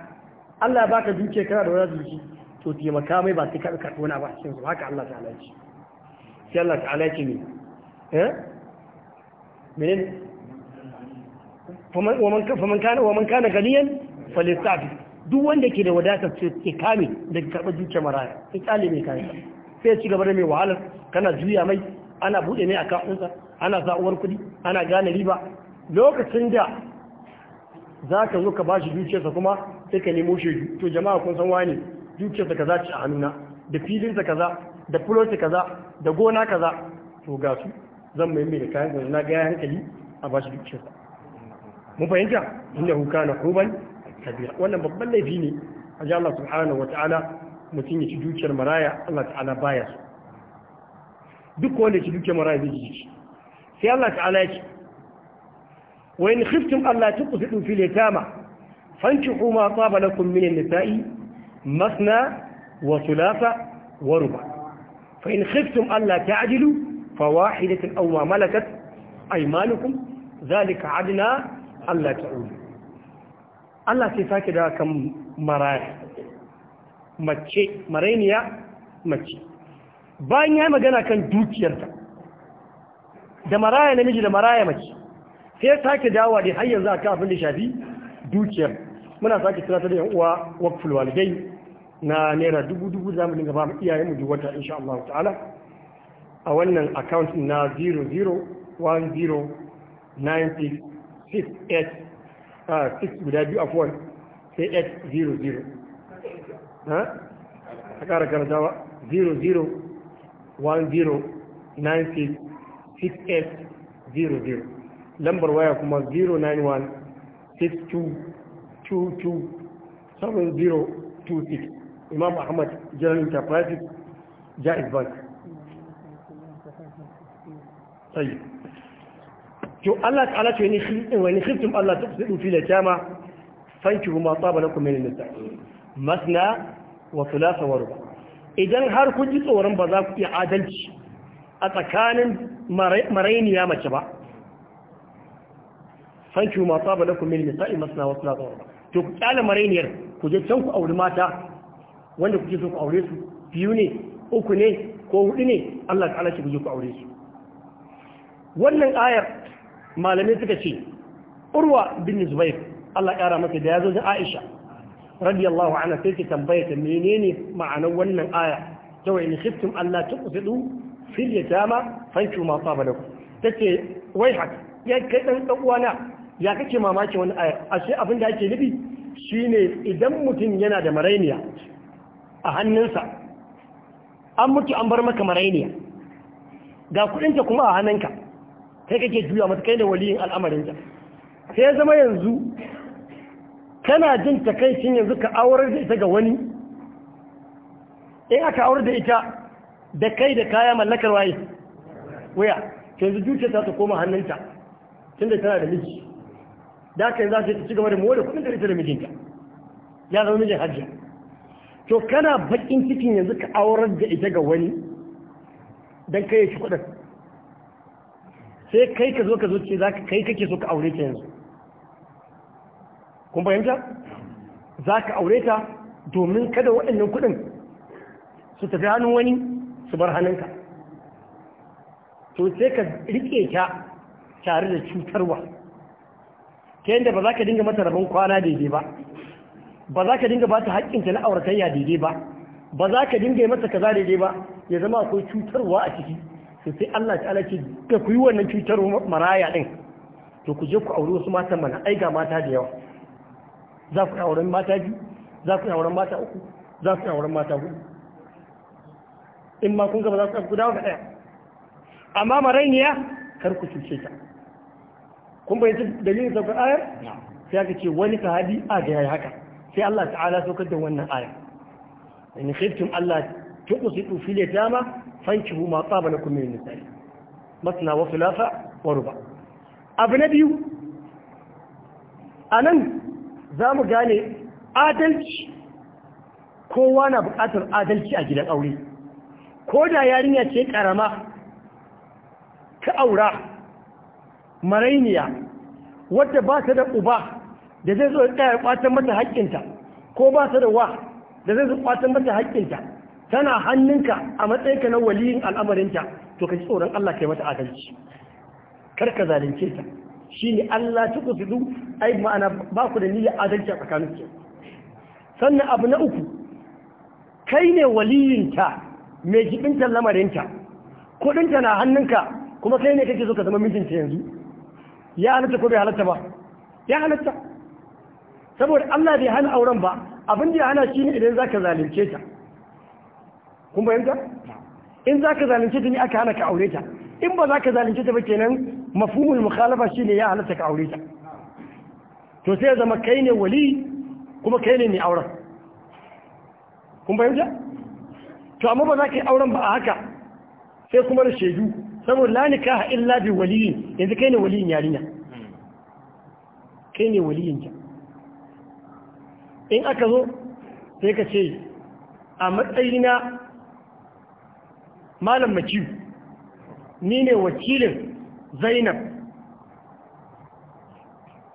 Allah baka dukiya kana da wadata dukiya to taimaka mai ba sai kaɓe karɓi wani abu a cikin su haka Allah ta'ala ce sai Allah ta'ala ce ne eh menene faman kana wa man kana ganiyan falistafi duk wanda ke da wadatar ce ke kame daga karɓar dukiya maraya sai tsale mai kayan sai ci gaba da mai wahalar kana juya mai ana buɗe mai akan unsa ana sa uwar kuɗi ana gane riba lokacin da za ka zo ka ba shi dukiyarsa kuma sai ka nemo shi to jama'a kun san wani dukiyarsa kaza ce a hannuna da filinsa kaza da fulonsa kaza da gona kaza to ga su zan mai mai da kayan kaza na ga hankali a bashi dukiyarsa mun fahimta inda huka na kuban kabira wannan babban laifi ne a ji Allah subhanahu wa ta'ala mutum ya ci dukiyar maraya Allah ta'ala baya su duk wanda ya ci dukiyar maraya zai ji sai Allah ta'ala ya ce وإن خفتم ألا تقسطوا في اليتامى فانكحوا ما طاب لكم من النساء مثنى وثلاثة وربع فإن خفتم ألا تعدلوا فواحدة أو ما ملكت أيمانكم ذلك عدنا ألا تعودوا Allah sai sake da kan maraya mace marainiya mace bayan ya magana kan dukiyarta da maraya namiji da maraya mace sai ya sake dawa da har yanzu a abin da shafi dukiyar muna sake tunatar da uwa waqful walidai na naira dubu dubu za mu dinga ba mu iyayen mu duk wata insha Allah ta'ala a wannan account na 00109668 ah, guda biyu a kowar sai 800 ha a ƙara karantawa 0010966800 lambar waya kuma 091 7026 imam ahmad general enterprises jaiz bank tsaye to allah ta'ala ce wani shiftin allah ta fi fi da kyama fanki kuma tsaba na kuma nisa masna wa sulasa wa ruba idan har kun ji tsoron ba za ku iya adalci a tsakanin marainiya mace ba fanki kuma tsaba na kuma nisa masna wa sulasa wa ruba to ku kyale marainiyar ku je can ku auri mata wanda kuke so ku aure su biyu ne uku ne ko hudu ne Allah ta'ala shi kuke ku aure su wannan ayar malamai suka ce urwa bin zubair Allah ƙara masa da yazo Aisha radiyallahu anha sai ki tambaya ta menene ma'anar wannan aya ta wa in khiftum alla tuqsidu fil yatama fanku ma saba lakum tace wai haka ya kai dan uwana ya kake mamaki wani aya ashe abin da ake nufi shine idan mutum yana da marainiya a hannunsa an mutu an bar maka marainiya ga kudinta kuma a hannunka sai kake juya mata kai da waliyin al'amarinta sai ya zama yanzu kana jin takaicin yanzu ka aurar da ita ga wani in aka aurar da ita da kai da kaya mallakar waye waya yanzu juce ta ta koma hannunta da tana da miji da aka yanzu za ta ci gaba da mawar kudin da ita da mijinta ya zama mijin hajji to kana bakin cikin yanzu ka aurar da ita ga wani don kai ya ci kudin sai kai ka zo ka zo ce za ka kai kake so ka aure ta yanzu kun bayanta za ka aure ta domin kada waɗannan kudin su tafi hannun wani su bar hannunka to sai ka riƙe ta tare da cutarwa ta yadda ba za ka dinga mata rabon kwana daidai ba ba za ka dinga ba ta haƙƙinta na auratayya daidai ba ba za ka dinga yi mata kaza daidai ba ya zama akwai cutarwa a ciki to sai Allah ta'ala alaƙi ga ku yi wannan cutar maraya ɗin to ku je ku auri wasu matan mana ai ga mata da yawa za ku auren mata biyu za ku auren mata uku za ku auren mata huɗu in ma kun gaba za ku ga ɗaya amma marainiya kar ku cuce ta kun bayyana dalilin sauƙar ayar sai aka ce wani sahabi a ga yaya haka sai Allah ta'ala saukar da wannan aya in khiftum Allah tuqsitu fil yatama fankihu ma taba lakum min nisa masna wa thulatha wa ruba abu na biyu anan zamu gane adalci kowa na buƙatar adalci a gidan aure ko da yarinya ce karama ka aura marainiya wadda ba ta da uba da zai zo ya kwatan mata haƙƙinta ko ba ta da wa da zai zo kwatan mata haƙƙinta tana hannunka a matsayinka na waliyin al'amarinta to ka ji tsoron Allah kai mata adalci kar ka zalunce ta shine Allah ta kusudu ai ma'ana ba ku da niyya adalci a tsakanin ku sannan abu na uku kai ne waliyinta mai jibintar lamarinta kudinta na hannunka kuma kai ne kake so ka zama mijinta yanzu ya halatta ko bai halatta ba ya halatta saboda Allah bai hana auren ba abin da ya hana shi ne idan zaka zalunce ta kun bayanta in zaka zalunce ta ne aka hana ka aure ta in ba zaka zalunce ta ba kenan mafhumul mukhalafa ne ya halatta ka aure ta to sai ya zama kai ne wali kuma kai ne mai auren kun bayanta to amma ba za ka yi auren ba a haka sai kuma da shaidu saboda la nikaha illa bi waliyin yanzu kai ne waliyin yarinya kai ne waliyin ta in aka zo sai ka ce a matsayina malam maciyu ni ne wakilin zainab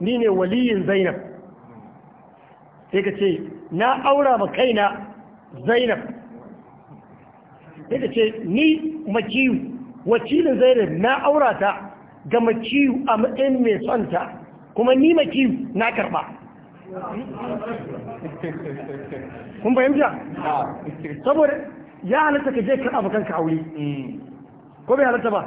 ni ne waliyin zainab sai ka ce na aura ma kaina zainab sai ka ce ni makiyu wakilin zainab na aura ta ga makiyu a matsayin mai sonta kuma ni makiyu na karba kun fahimta saboda ya halatta ka je ka abokan ka aure mm. ko bai halatta ba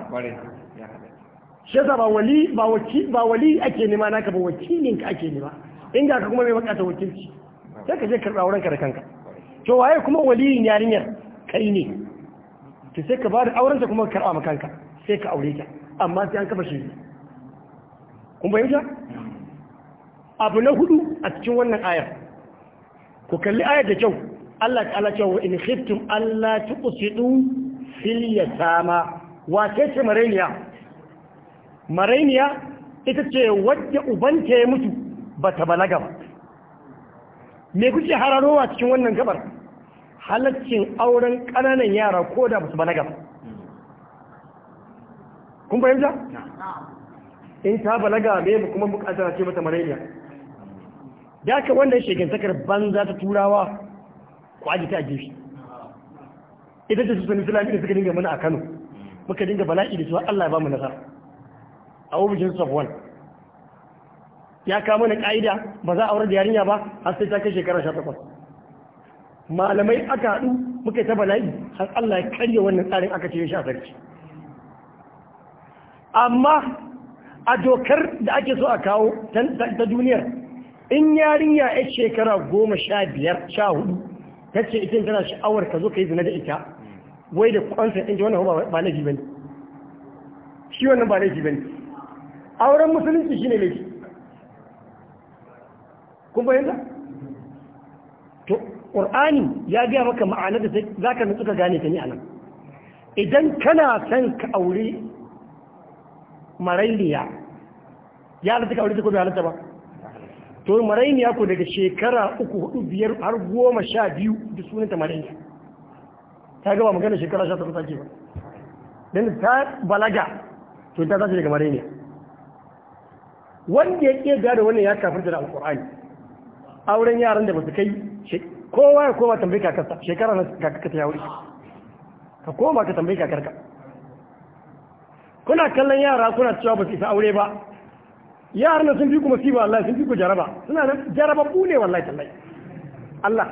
shi yasa ba wali ba waki ba wali ake nema naka ba wakilin ka ake nema in ga ka kuma mai bukata wakilci sai ka je karɓa aurenka da kanka to waye kuma waliyin yarinyar kai ne to sai ka ba da ta kuma karɓa ma kanka sai ka aure ta amma sai an kafa shi kun fahimta mm. abu na hudu a cikin wannan ayar ku kalli ayar da kyau Allah ta'ala wa in khiftum Allah tuqsidu fil yatama wa kace Marayniya? Marayniya ita ce wadda ubanta ya mutu bata balaga ba me kuke hararowa cikin wannan gabar halaccin auren kananan yara ko da basu balaga ba kun fahimta in ta balaga me kuma bukatar ce mata marayniya. da aka shekin sakar banza ta turawa ku aji ta ajiye Idan ta susan islami da suka dinga mana a kano muka dinga bala'i da cewa allah ya ba mu nasara a ofishin safwan ya kama na ƙa'ida ba za a aure da yarinya ba har sai ta kai shekara sha takwas malamai aka haɗu muka ta bala'i har allah ya karya wannan tsarin aka ce shi a sarki amma a dokar da ake so a kawo ta duniyar in yarinya ya shekara goma sha biyar sha hudu ta ce ita tana sha'awar ka zo ka yi zina da ita wai da kwansa ɗin ji wannan ba laifi ba shi wannan ba laifi ba auren musulunci shi ne laifi kun bayanta? to ƙur'ani ya gaya maka ma'ana da za ka nutsu ka gane ta ni a nan idan kana son ka aure marailiya ya halatta ka aure ta ko bai halatta ba to ya ku daga shekara uku hudu biyar har goma sha biyu da sunanta Maraini ta gaba magana shekara sha takwas ke ba don ta balaga to ta tashi daga Maraini, wanda ya ƙirga da wannan ya kafin da alƙur'ani auren yaran da ba su kai kowa ya koma tambayi kakarsa shekara na kakarka ta yawuri ka koma ka tambayi kakarka kuna kallon yara kuna cewa ba su isa aure ba yaran sun fi ku masifa wallahi sun fi ku jaraba suna nan jaraba ne wallahi tallai. Allah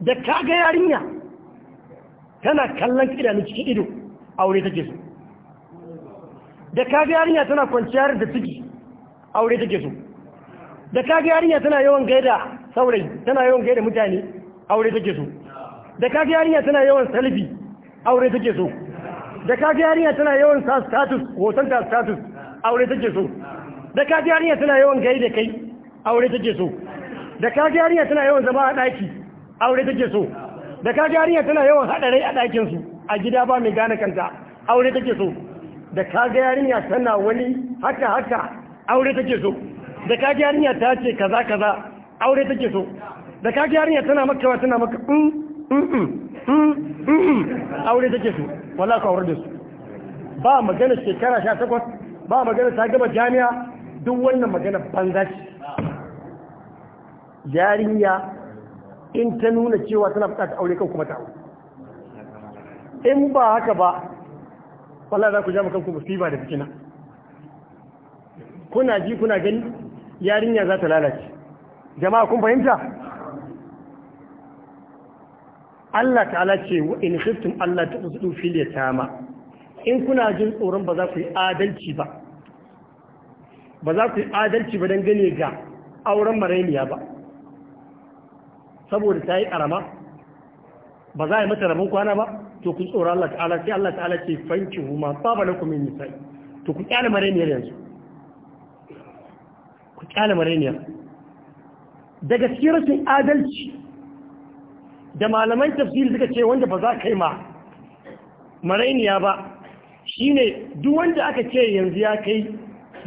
da ka ga yarinya tana kallon idanu cikin ido aure take so da ka ga yarinya tana kwanciyar da ciki aure take so da ka ga yarinya tana yawan gaida saurayi tana yawan gaida mutane aure take so da ka ga yarinya tana yawan salfi aure take so da ka ga yarinya tana yawan status hoton ta status aure take so da ka ji yarinya tana yawan gai da kai aure take so da ka ji yarinya tana yawan zama a ɗaki aure take so da ka ji yarinya tana yawan haɗarai a dakin su a gida ba mai gane kanta aure take so da ka ga yarinya tana wani haka haka aure take so da ka ji yarinya ta ce kaza kaza aure take so da ka ji yarinya tana maka wa tana maka mm, mm, mm, aure take so wala ka aure da su ba magana shekara 18 ba magana ta gaba jami'a duk wannan magana banza ce Yarinya in ta nuna cewa tana bukata aure kan kuma ta aure in ba haka ba wallahi za ku ja kanku musiba da fitina kuna ji kuna gani yarinya za ta lalace jama'a kun fahimta Allah ta'ala ce wa in khiftum Allah ta tsudu fil yatama in kuna jin tsoron ba za ku yi adalci ba ba za ku yi adalci ba don gane ga auren marainiya ba saboda ta yi ƙarama ba za a yi mata rabin kwana ba to ku tsoron Allah ta'ala sai Allah ta'ala ce fanki huma ba na kuma nisa'i to ku ƙyale marainiyar yanzu ku ƙyale marainiyar daga cikin rashin adalci da malaman tafsiri suka ce wanda ba za ka yi ma marainiya ba shine duk wanda aka ce yanzu ya kai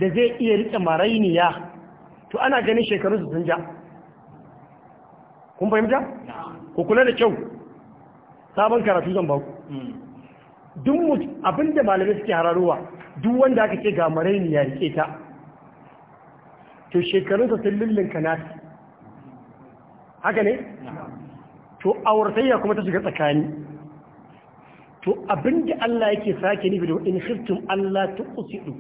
da zai iya riƙe marainiya to ana ganin shekaru su sun ja kun fahimta ku kula da kyau sabon karatu zan ku hmm. duk mutum abinda malamai suke hararuwa duk wanda aka ce ga marainiya riƙe ta to shekarunsa sun lullun kanati haka ne to auratayya kuma ta shiga tsakani to abinda Allah yake sake ni da in khiftum Allah tuqsidu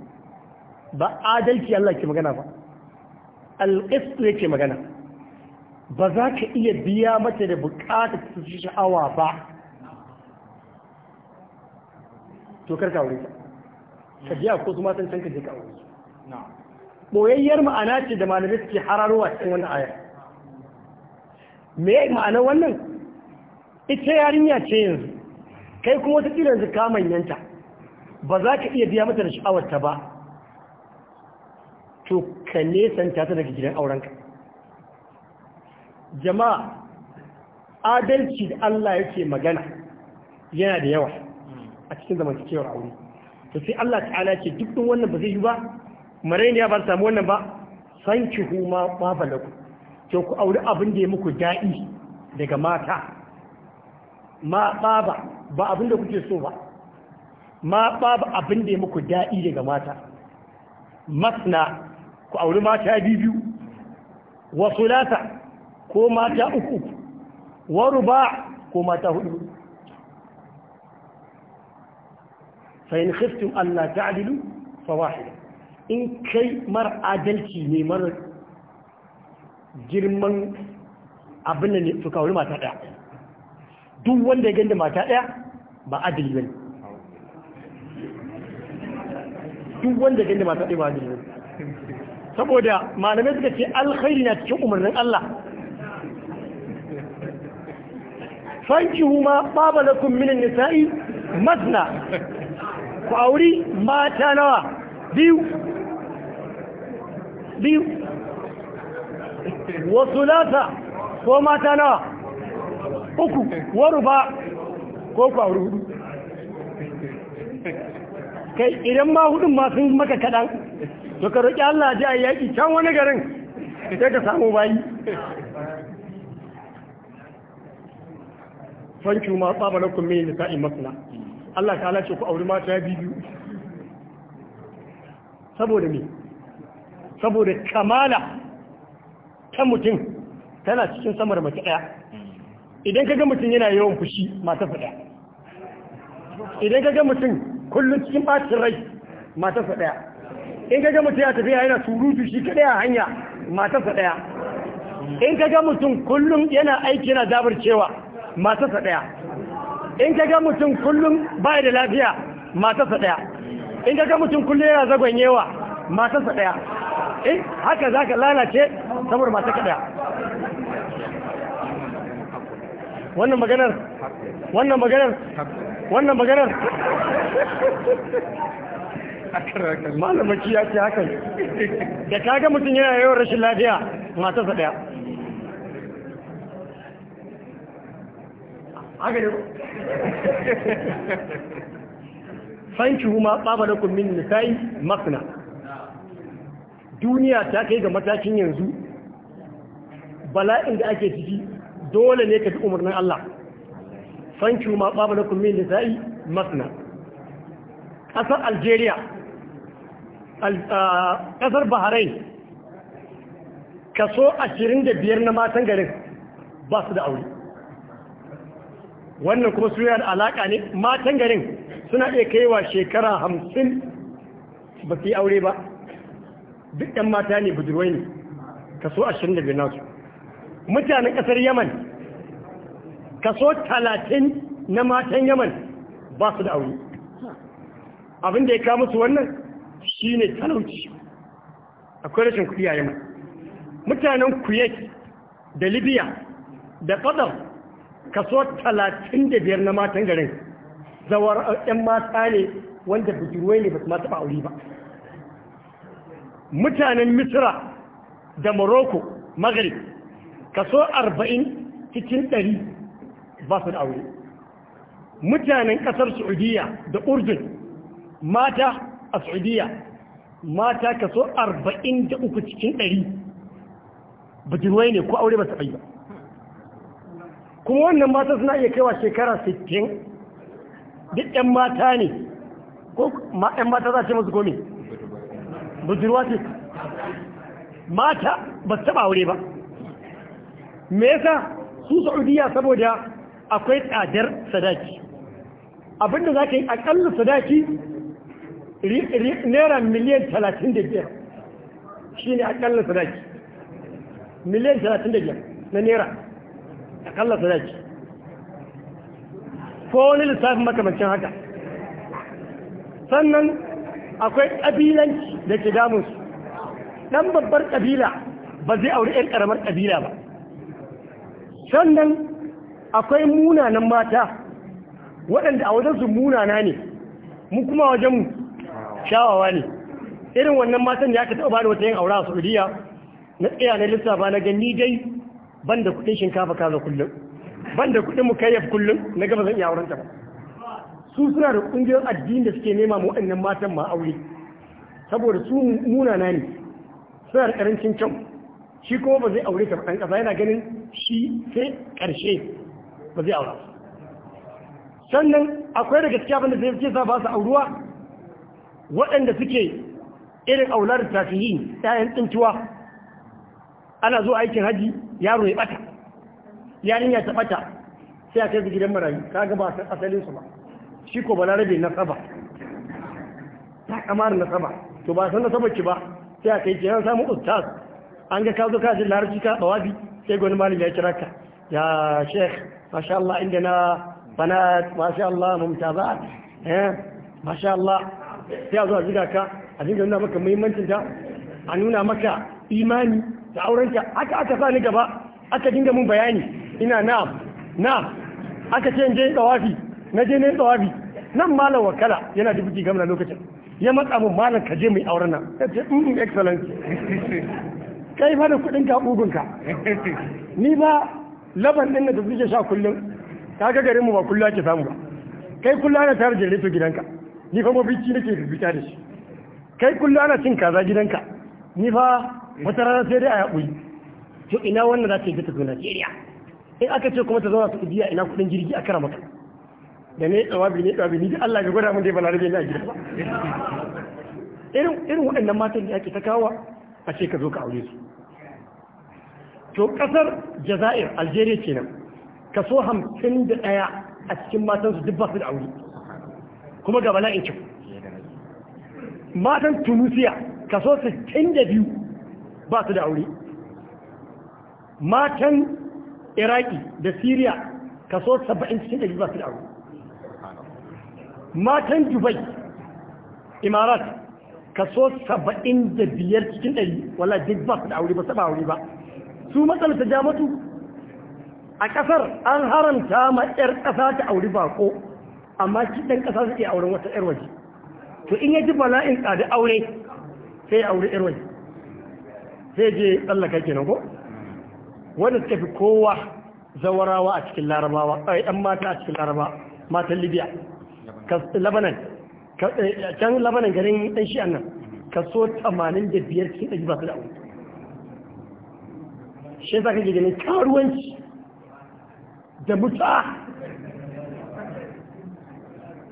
ba adalci Allah ke magana ba alƙist yake magana ba za ka iya biya mata da buƙatar ta sha'awa ba to karka aure ta ka biya ko su matan canka ka je ka aure ma'ana ce da malamai suke hararwa cikin wannan aya me ma'ana wannan ita yarinya ce yanzu kai kuma wata yanzu zuka manyanta ba za ka iya biya mata da sha'awarta ba to ka nesanta ta daga gidan aurenka jama'a adalci da Allah yake magana yana da yawa a cikin zamantakewar aure to sai Allah ta'ala ce duk wannan ba zai yi ba marayin ya ba samu wannan ba sanki huma ma balaku to ku auri abin da ya muku daɗi daga mata ma ba ba abin da kuke so ba ma baba abin da ya muku daɗi daga mata masna ku auri mata biyu wa sulata ko mata uku wa ruba ko mata hudu fa in khiftum alla ta'dilu fa wahida in kai mar adalci ne mar girman abin da ne suka wuri mata daya duk wanda ya ganda mata daya ba adali bane duk wanda ya ganda mata daya ba adali saboda malamai suka ce alkhairi na cikin umarnin Allah fankihu ma baba lakum minan nisa'i masna ku auri mata nawa biyu biyu wasu lata ko mata nawa uku waru ba ko ku auri hudu kai idan ma hudun ma sun maka kaɗan to ka roƙi Allah ji a yaƙi can wani garin sai ka samu bayi fanki ma tsaba na kun mai nisa'i masna Allah ta halace ku auri mata biyu saboda me saboda kamala ta mutum tana cikin samar mace ɗaya idan ka ga mutum yana yawan fushi mata faɗa idan ka ga mutum kullum cikin bacin rai matarsa ɗaya in ka ga mutum ya tafiya yana surutu shi kaɗai a hanya matarsa ɗaya in ka ga mutum kullum yana aiki yana cewa, matarsa ɗaya in ka ga mutum kullum ba da lafiya matarsa ɗaya in ka ga mutum kullum yana zagonyewa matarsa ɗaya in eh, haka za ka lalace saboda matarsa daya wannan maganar wannan maganar wannan maganar malamaki ya ce hakan da kaga mutum yana yawan rashin lafiya sa daya haka ne fanki huma da min nisa'i masna duniya ta kai ga matakin yanzu bala'in da ake ciki dole ne ka ji umarnin Allah fanki huma da min nisa'i masna ƙasar algeria ƙasar bahrain kaso 25 na matan garin ba su da aure wannan kuma suya da alaƙa ne matan garin suna iya kaiwa shekara hamsin ba su yi aure ba duk ɗan mata ne budurwai ne kaso 25 su. mutanen ƙasar yaman kaso 30 na matan yaman ba su da aure abin da ya kawo musu wannan shi ne talauci akwai rashin kuɗi a yamma mutanen kuwait da libya da ƙadar kaso 35 na matan garin zawar 'yan mata ne wanda bujirwai ne ba su mata aure ba mutanen misra da morocco maghrib kaso 40 cikin 100 ba su da aure mutanen ƙasar Saudiya da Urdun mata a Saudiya mata kaso 43 cikin 100 bujirwai ne ko aure ba su ba kuma wannan mata suna iya kaiwa shekara 60 duk 'yan mata ne ko 'yan mata za ce masu gome bujirwa ce mata ba su taba aure ba me yasa su saudiya saboda akwai tsadar sadaki abinda za ka yi akalla sadaki naira miliyan talatin da biyar shi ne akalla sadaki miliyan talatin da biyar na naira akalla sadaki ko wani lissafin makamancin haka sannan akwai ƙabilanci da ke damunsu ɗan babbar ƙabila ba zai auri 'yan ƙaramar ƙabila ba sannan akwai munanan mata waɗanda a wajensu munana ne mu kuma wajen shawawa ne irin wannan matan da aka taɓa bani wata yin aura a saudiya na tsaya na ba na ni dai ban da kuɗin shinkafa kaza kullum ban da kuɗin mukayyaf kullum na gaba zan iya auren ta ba su suna da ƙungiyar addini da suke nema mu waɗannan matan ma aure saboda su munana ne suna da ƙarancin kyau shi kuma ba zai aure ta ba ɗan ƙasa yana ganin shi sai ƙarshe ba zai aure ba. sannan akwai daga cikin abin da zai ce za ba su auruwa waɗanda suke irin aular tafiyi ɗayan tsintuwa ana zo aikin haji yaro ya ɓata yarinya ta ɓata sai a kai gidan marayu ka gaba a asalin su ba shi ko balarabe na saba ta kamar na saba to ba san na saba ki ba sai a kai ki yan samu ustaz an ga ka zo ka ji larabci ka tsawabi sai gwani malam ya kira ka ya sheikh masha Allah inda na banat masha Allah mumtazat eh masha Allah sai a zo a ka a dinga nuna maka muhimmancin a nuna maka imani da aurenta aka aka sa ni gaba aka dinga mun bayani ina na na aka ce in je tsawafi na je yin tsawafi nan malam wakala yana dubuki gamna lokacin ya matsa mun malam ka je mai auren nan ya ce mm excellence kai fa da kudin ka ugunka ni ba laban din da dubuke sha kullum kaga garin mu ba kullu ake samu ba kai kullu ana tare da rito gidanka ni fa mabici nake rubuta da shi kai kullu ana cin kaza gidanka ni fa wata rana sai dai a yaƙuri to ina wannan za ta yi ta zo Najeriya in aka ce kuma ta zauna biya ina kudin jirgi a kara maka da ne tsawabi ne tsawabi ni da Allah ya gwada mun dai balarabe ne a gida ba irin irin waɗannan matan da ake ta kawo a ce ka zo ka aure su to ƙasar Jazair Algeria kenan kaso hamsin da ɗaya a cikin matansu duk ba su da aure kuma ga bala'in kyau matan tunisia kaso sittin da biyu ba su da aure matan iraki da Siriya kaso saba'in cikin ɗari ba su da aure matan dubai imarat kaso saba'in da biyar cikin ɗari wala duk ba su da aure ba saba aure ba su matsalata jamatu a ƙasar an haramta ma 'yar ƙasa ta auri bako amma cikin ƙasa suke auren wata ƴar waje to in ya ji bala'in ƙadi aure sai ya auri 'yar waje sai je tsallaka kenan ko wanda suka fi kowa zawarawa a cikin larabawa a ɗan mata a cikin laraba matan libya labanan eh, can labanan garin ɗan shi'an nan kaso 85 cikin ɗaji ba su da aure shi yasa kake ganin karuwanci da mutu'a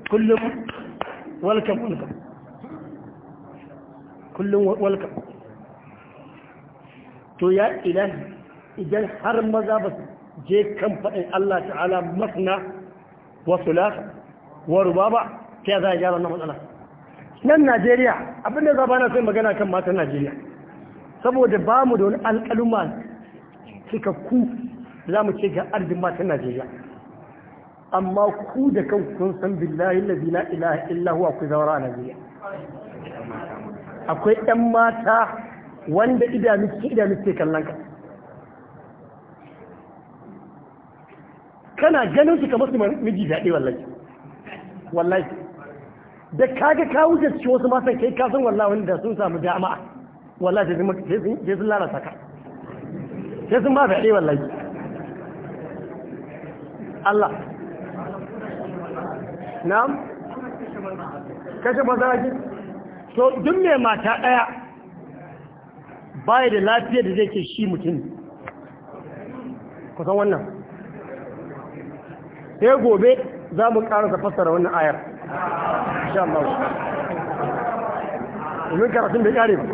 kullum welcome welcome kullum welcome to ya ilahi idan har maza ba su je kan faɗin Allah ta'ala masna wasu sulasa wa ruba ba ta za a gyara na matsala nan najeriya abinda za ba na sai magana kan matan najeriya saboda ba mu da wani alƙaluma suka ku za mu ce ga arzikin matan najeriya amma ku da kan kun san billahi lazi la ilaha illa ku zaura a najeriya akwai yan mata wanda idanu ke idanu ke kallon ka kana ganin su kamar su miji daɗe wallahi wallahi da kaga ka wuce ci wasu masan kai ka san wallahi wanda sun samu jama'a wallahi sai sun lalata ka sai sun ba daɗe wallahi Allah na'am kashe mazaji to duk mai mata ɗaya baya da lafiya da zai ke shi mutum kusan wannan sai gobe za mu ƙarasa fassara wannan ayar insha Allah domin karatun bai ƙare ba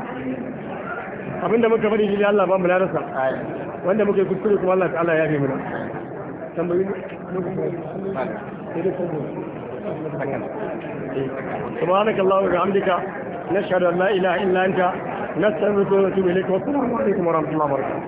abinda muka bari shi Allah ba mu larasa wanda muka yi kuskure kuma Allah ta Allah ya fi mu سبحانك اللهم وبحمدك نشهد ان لا اله الا انت نستغفرك ونتوب اليك والسلام عليكم ورحمه الله وبركاته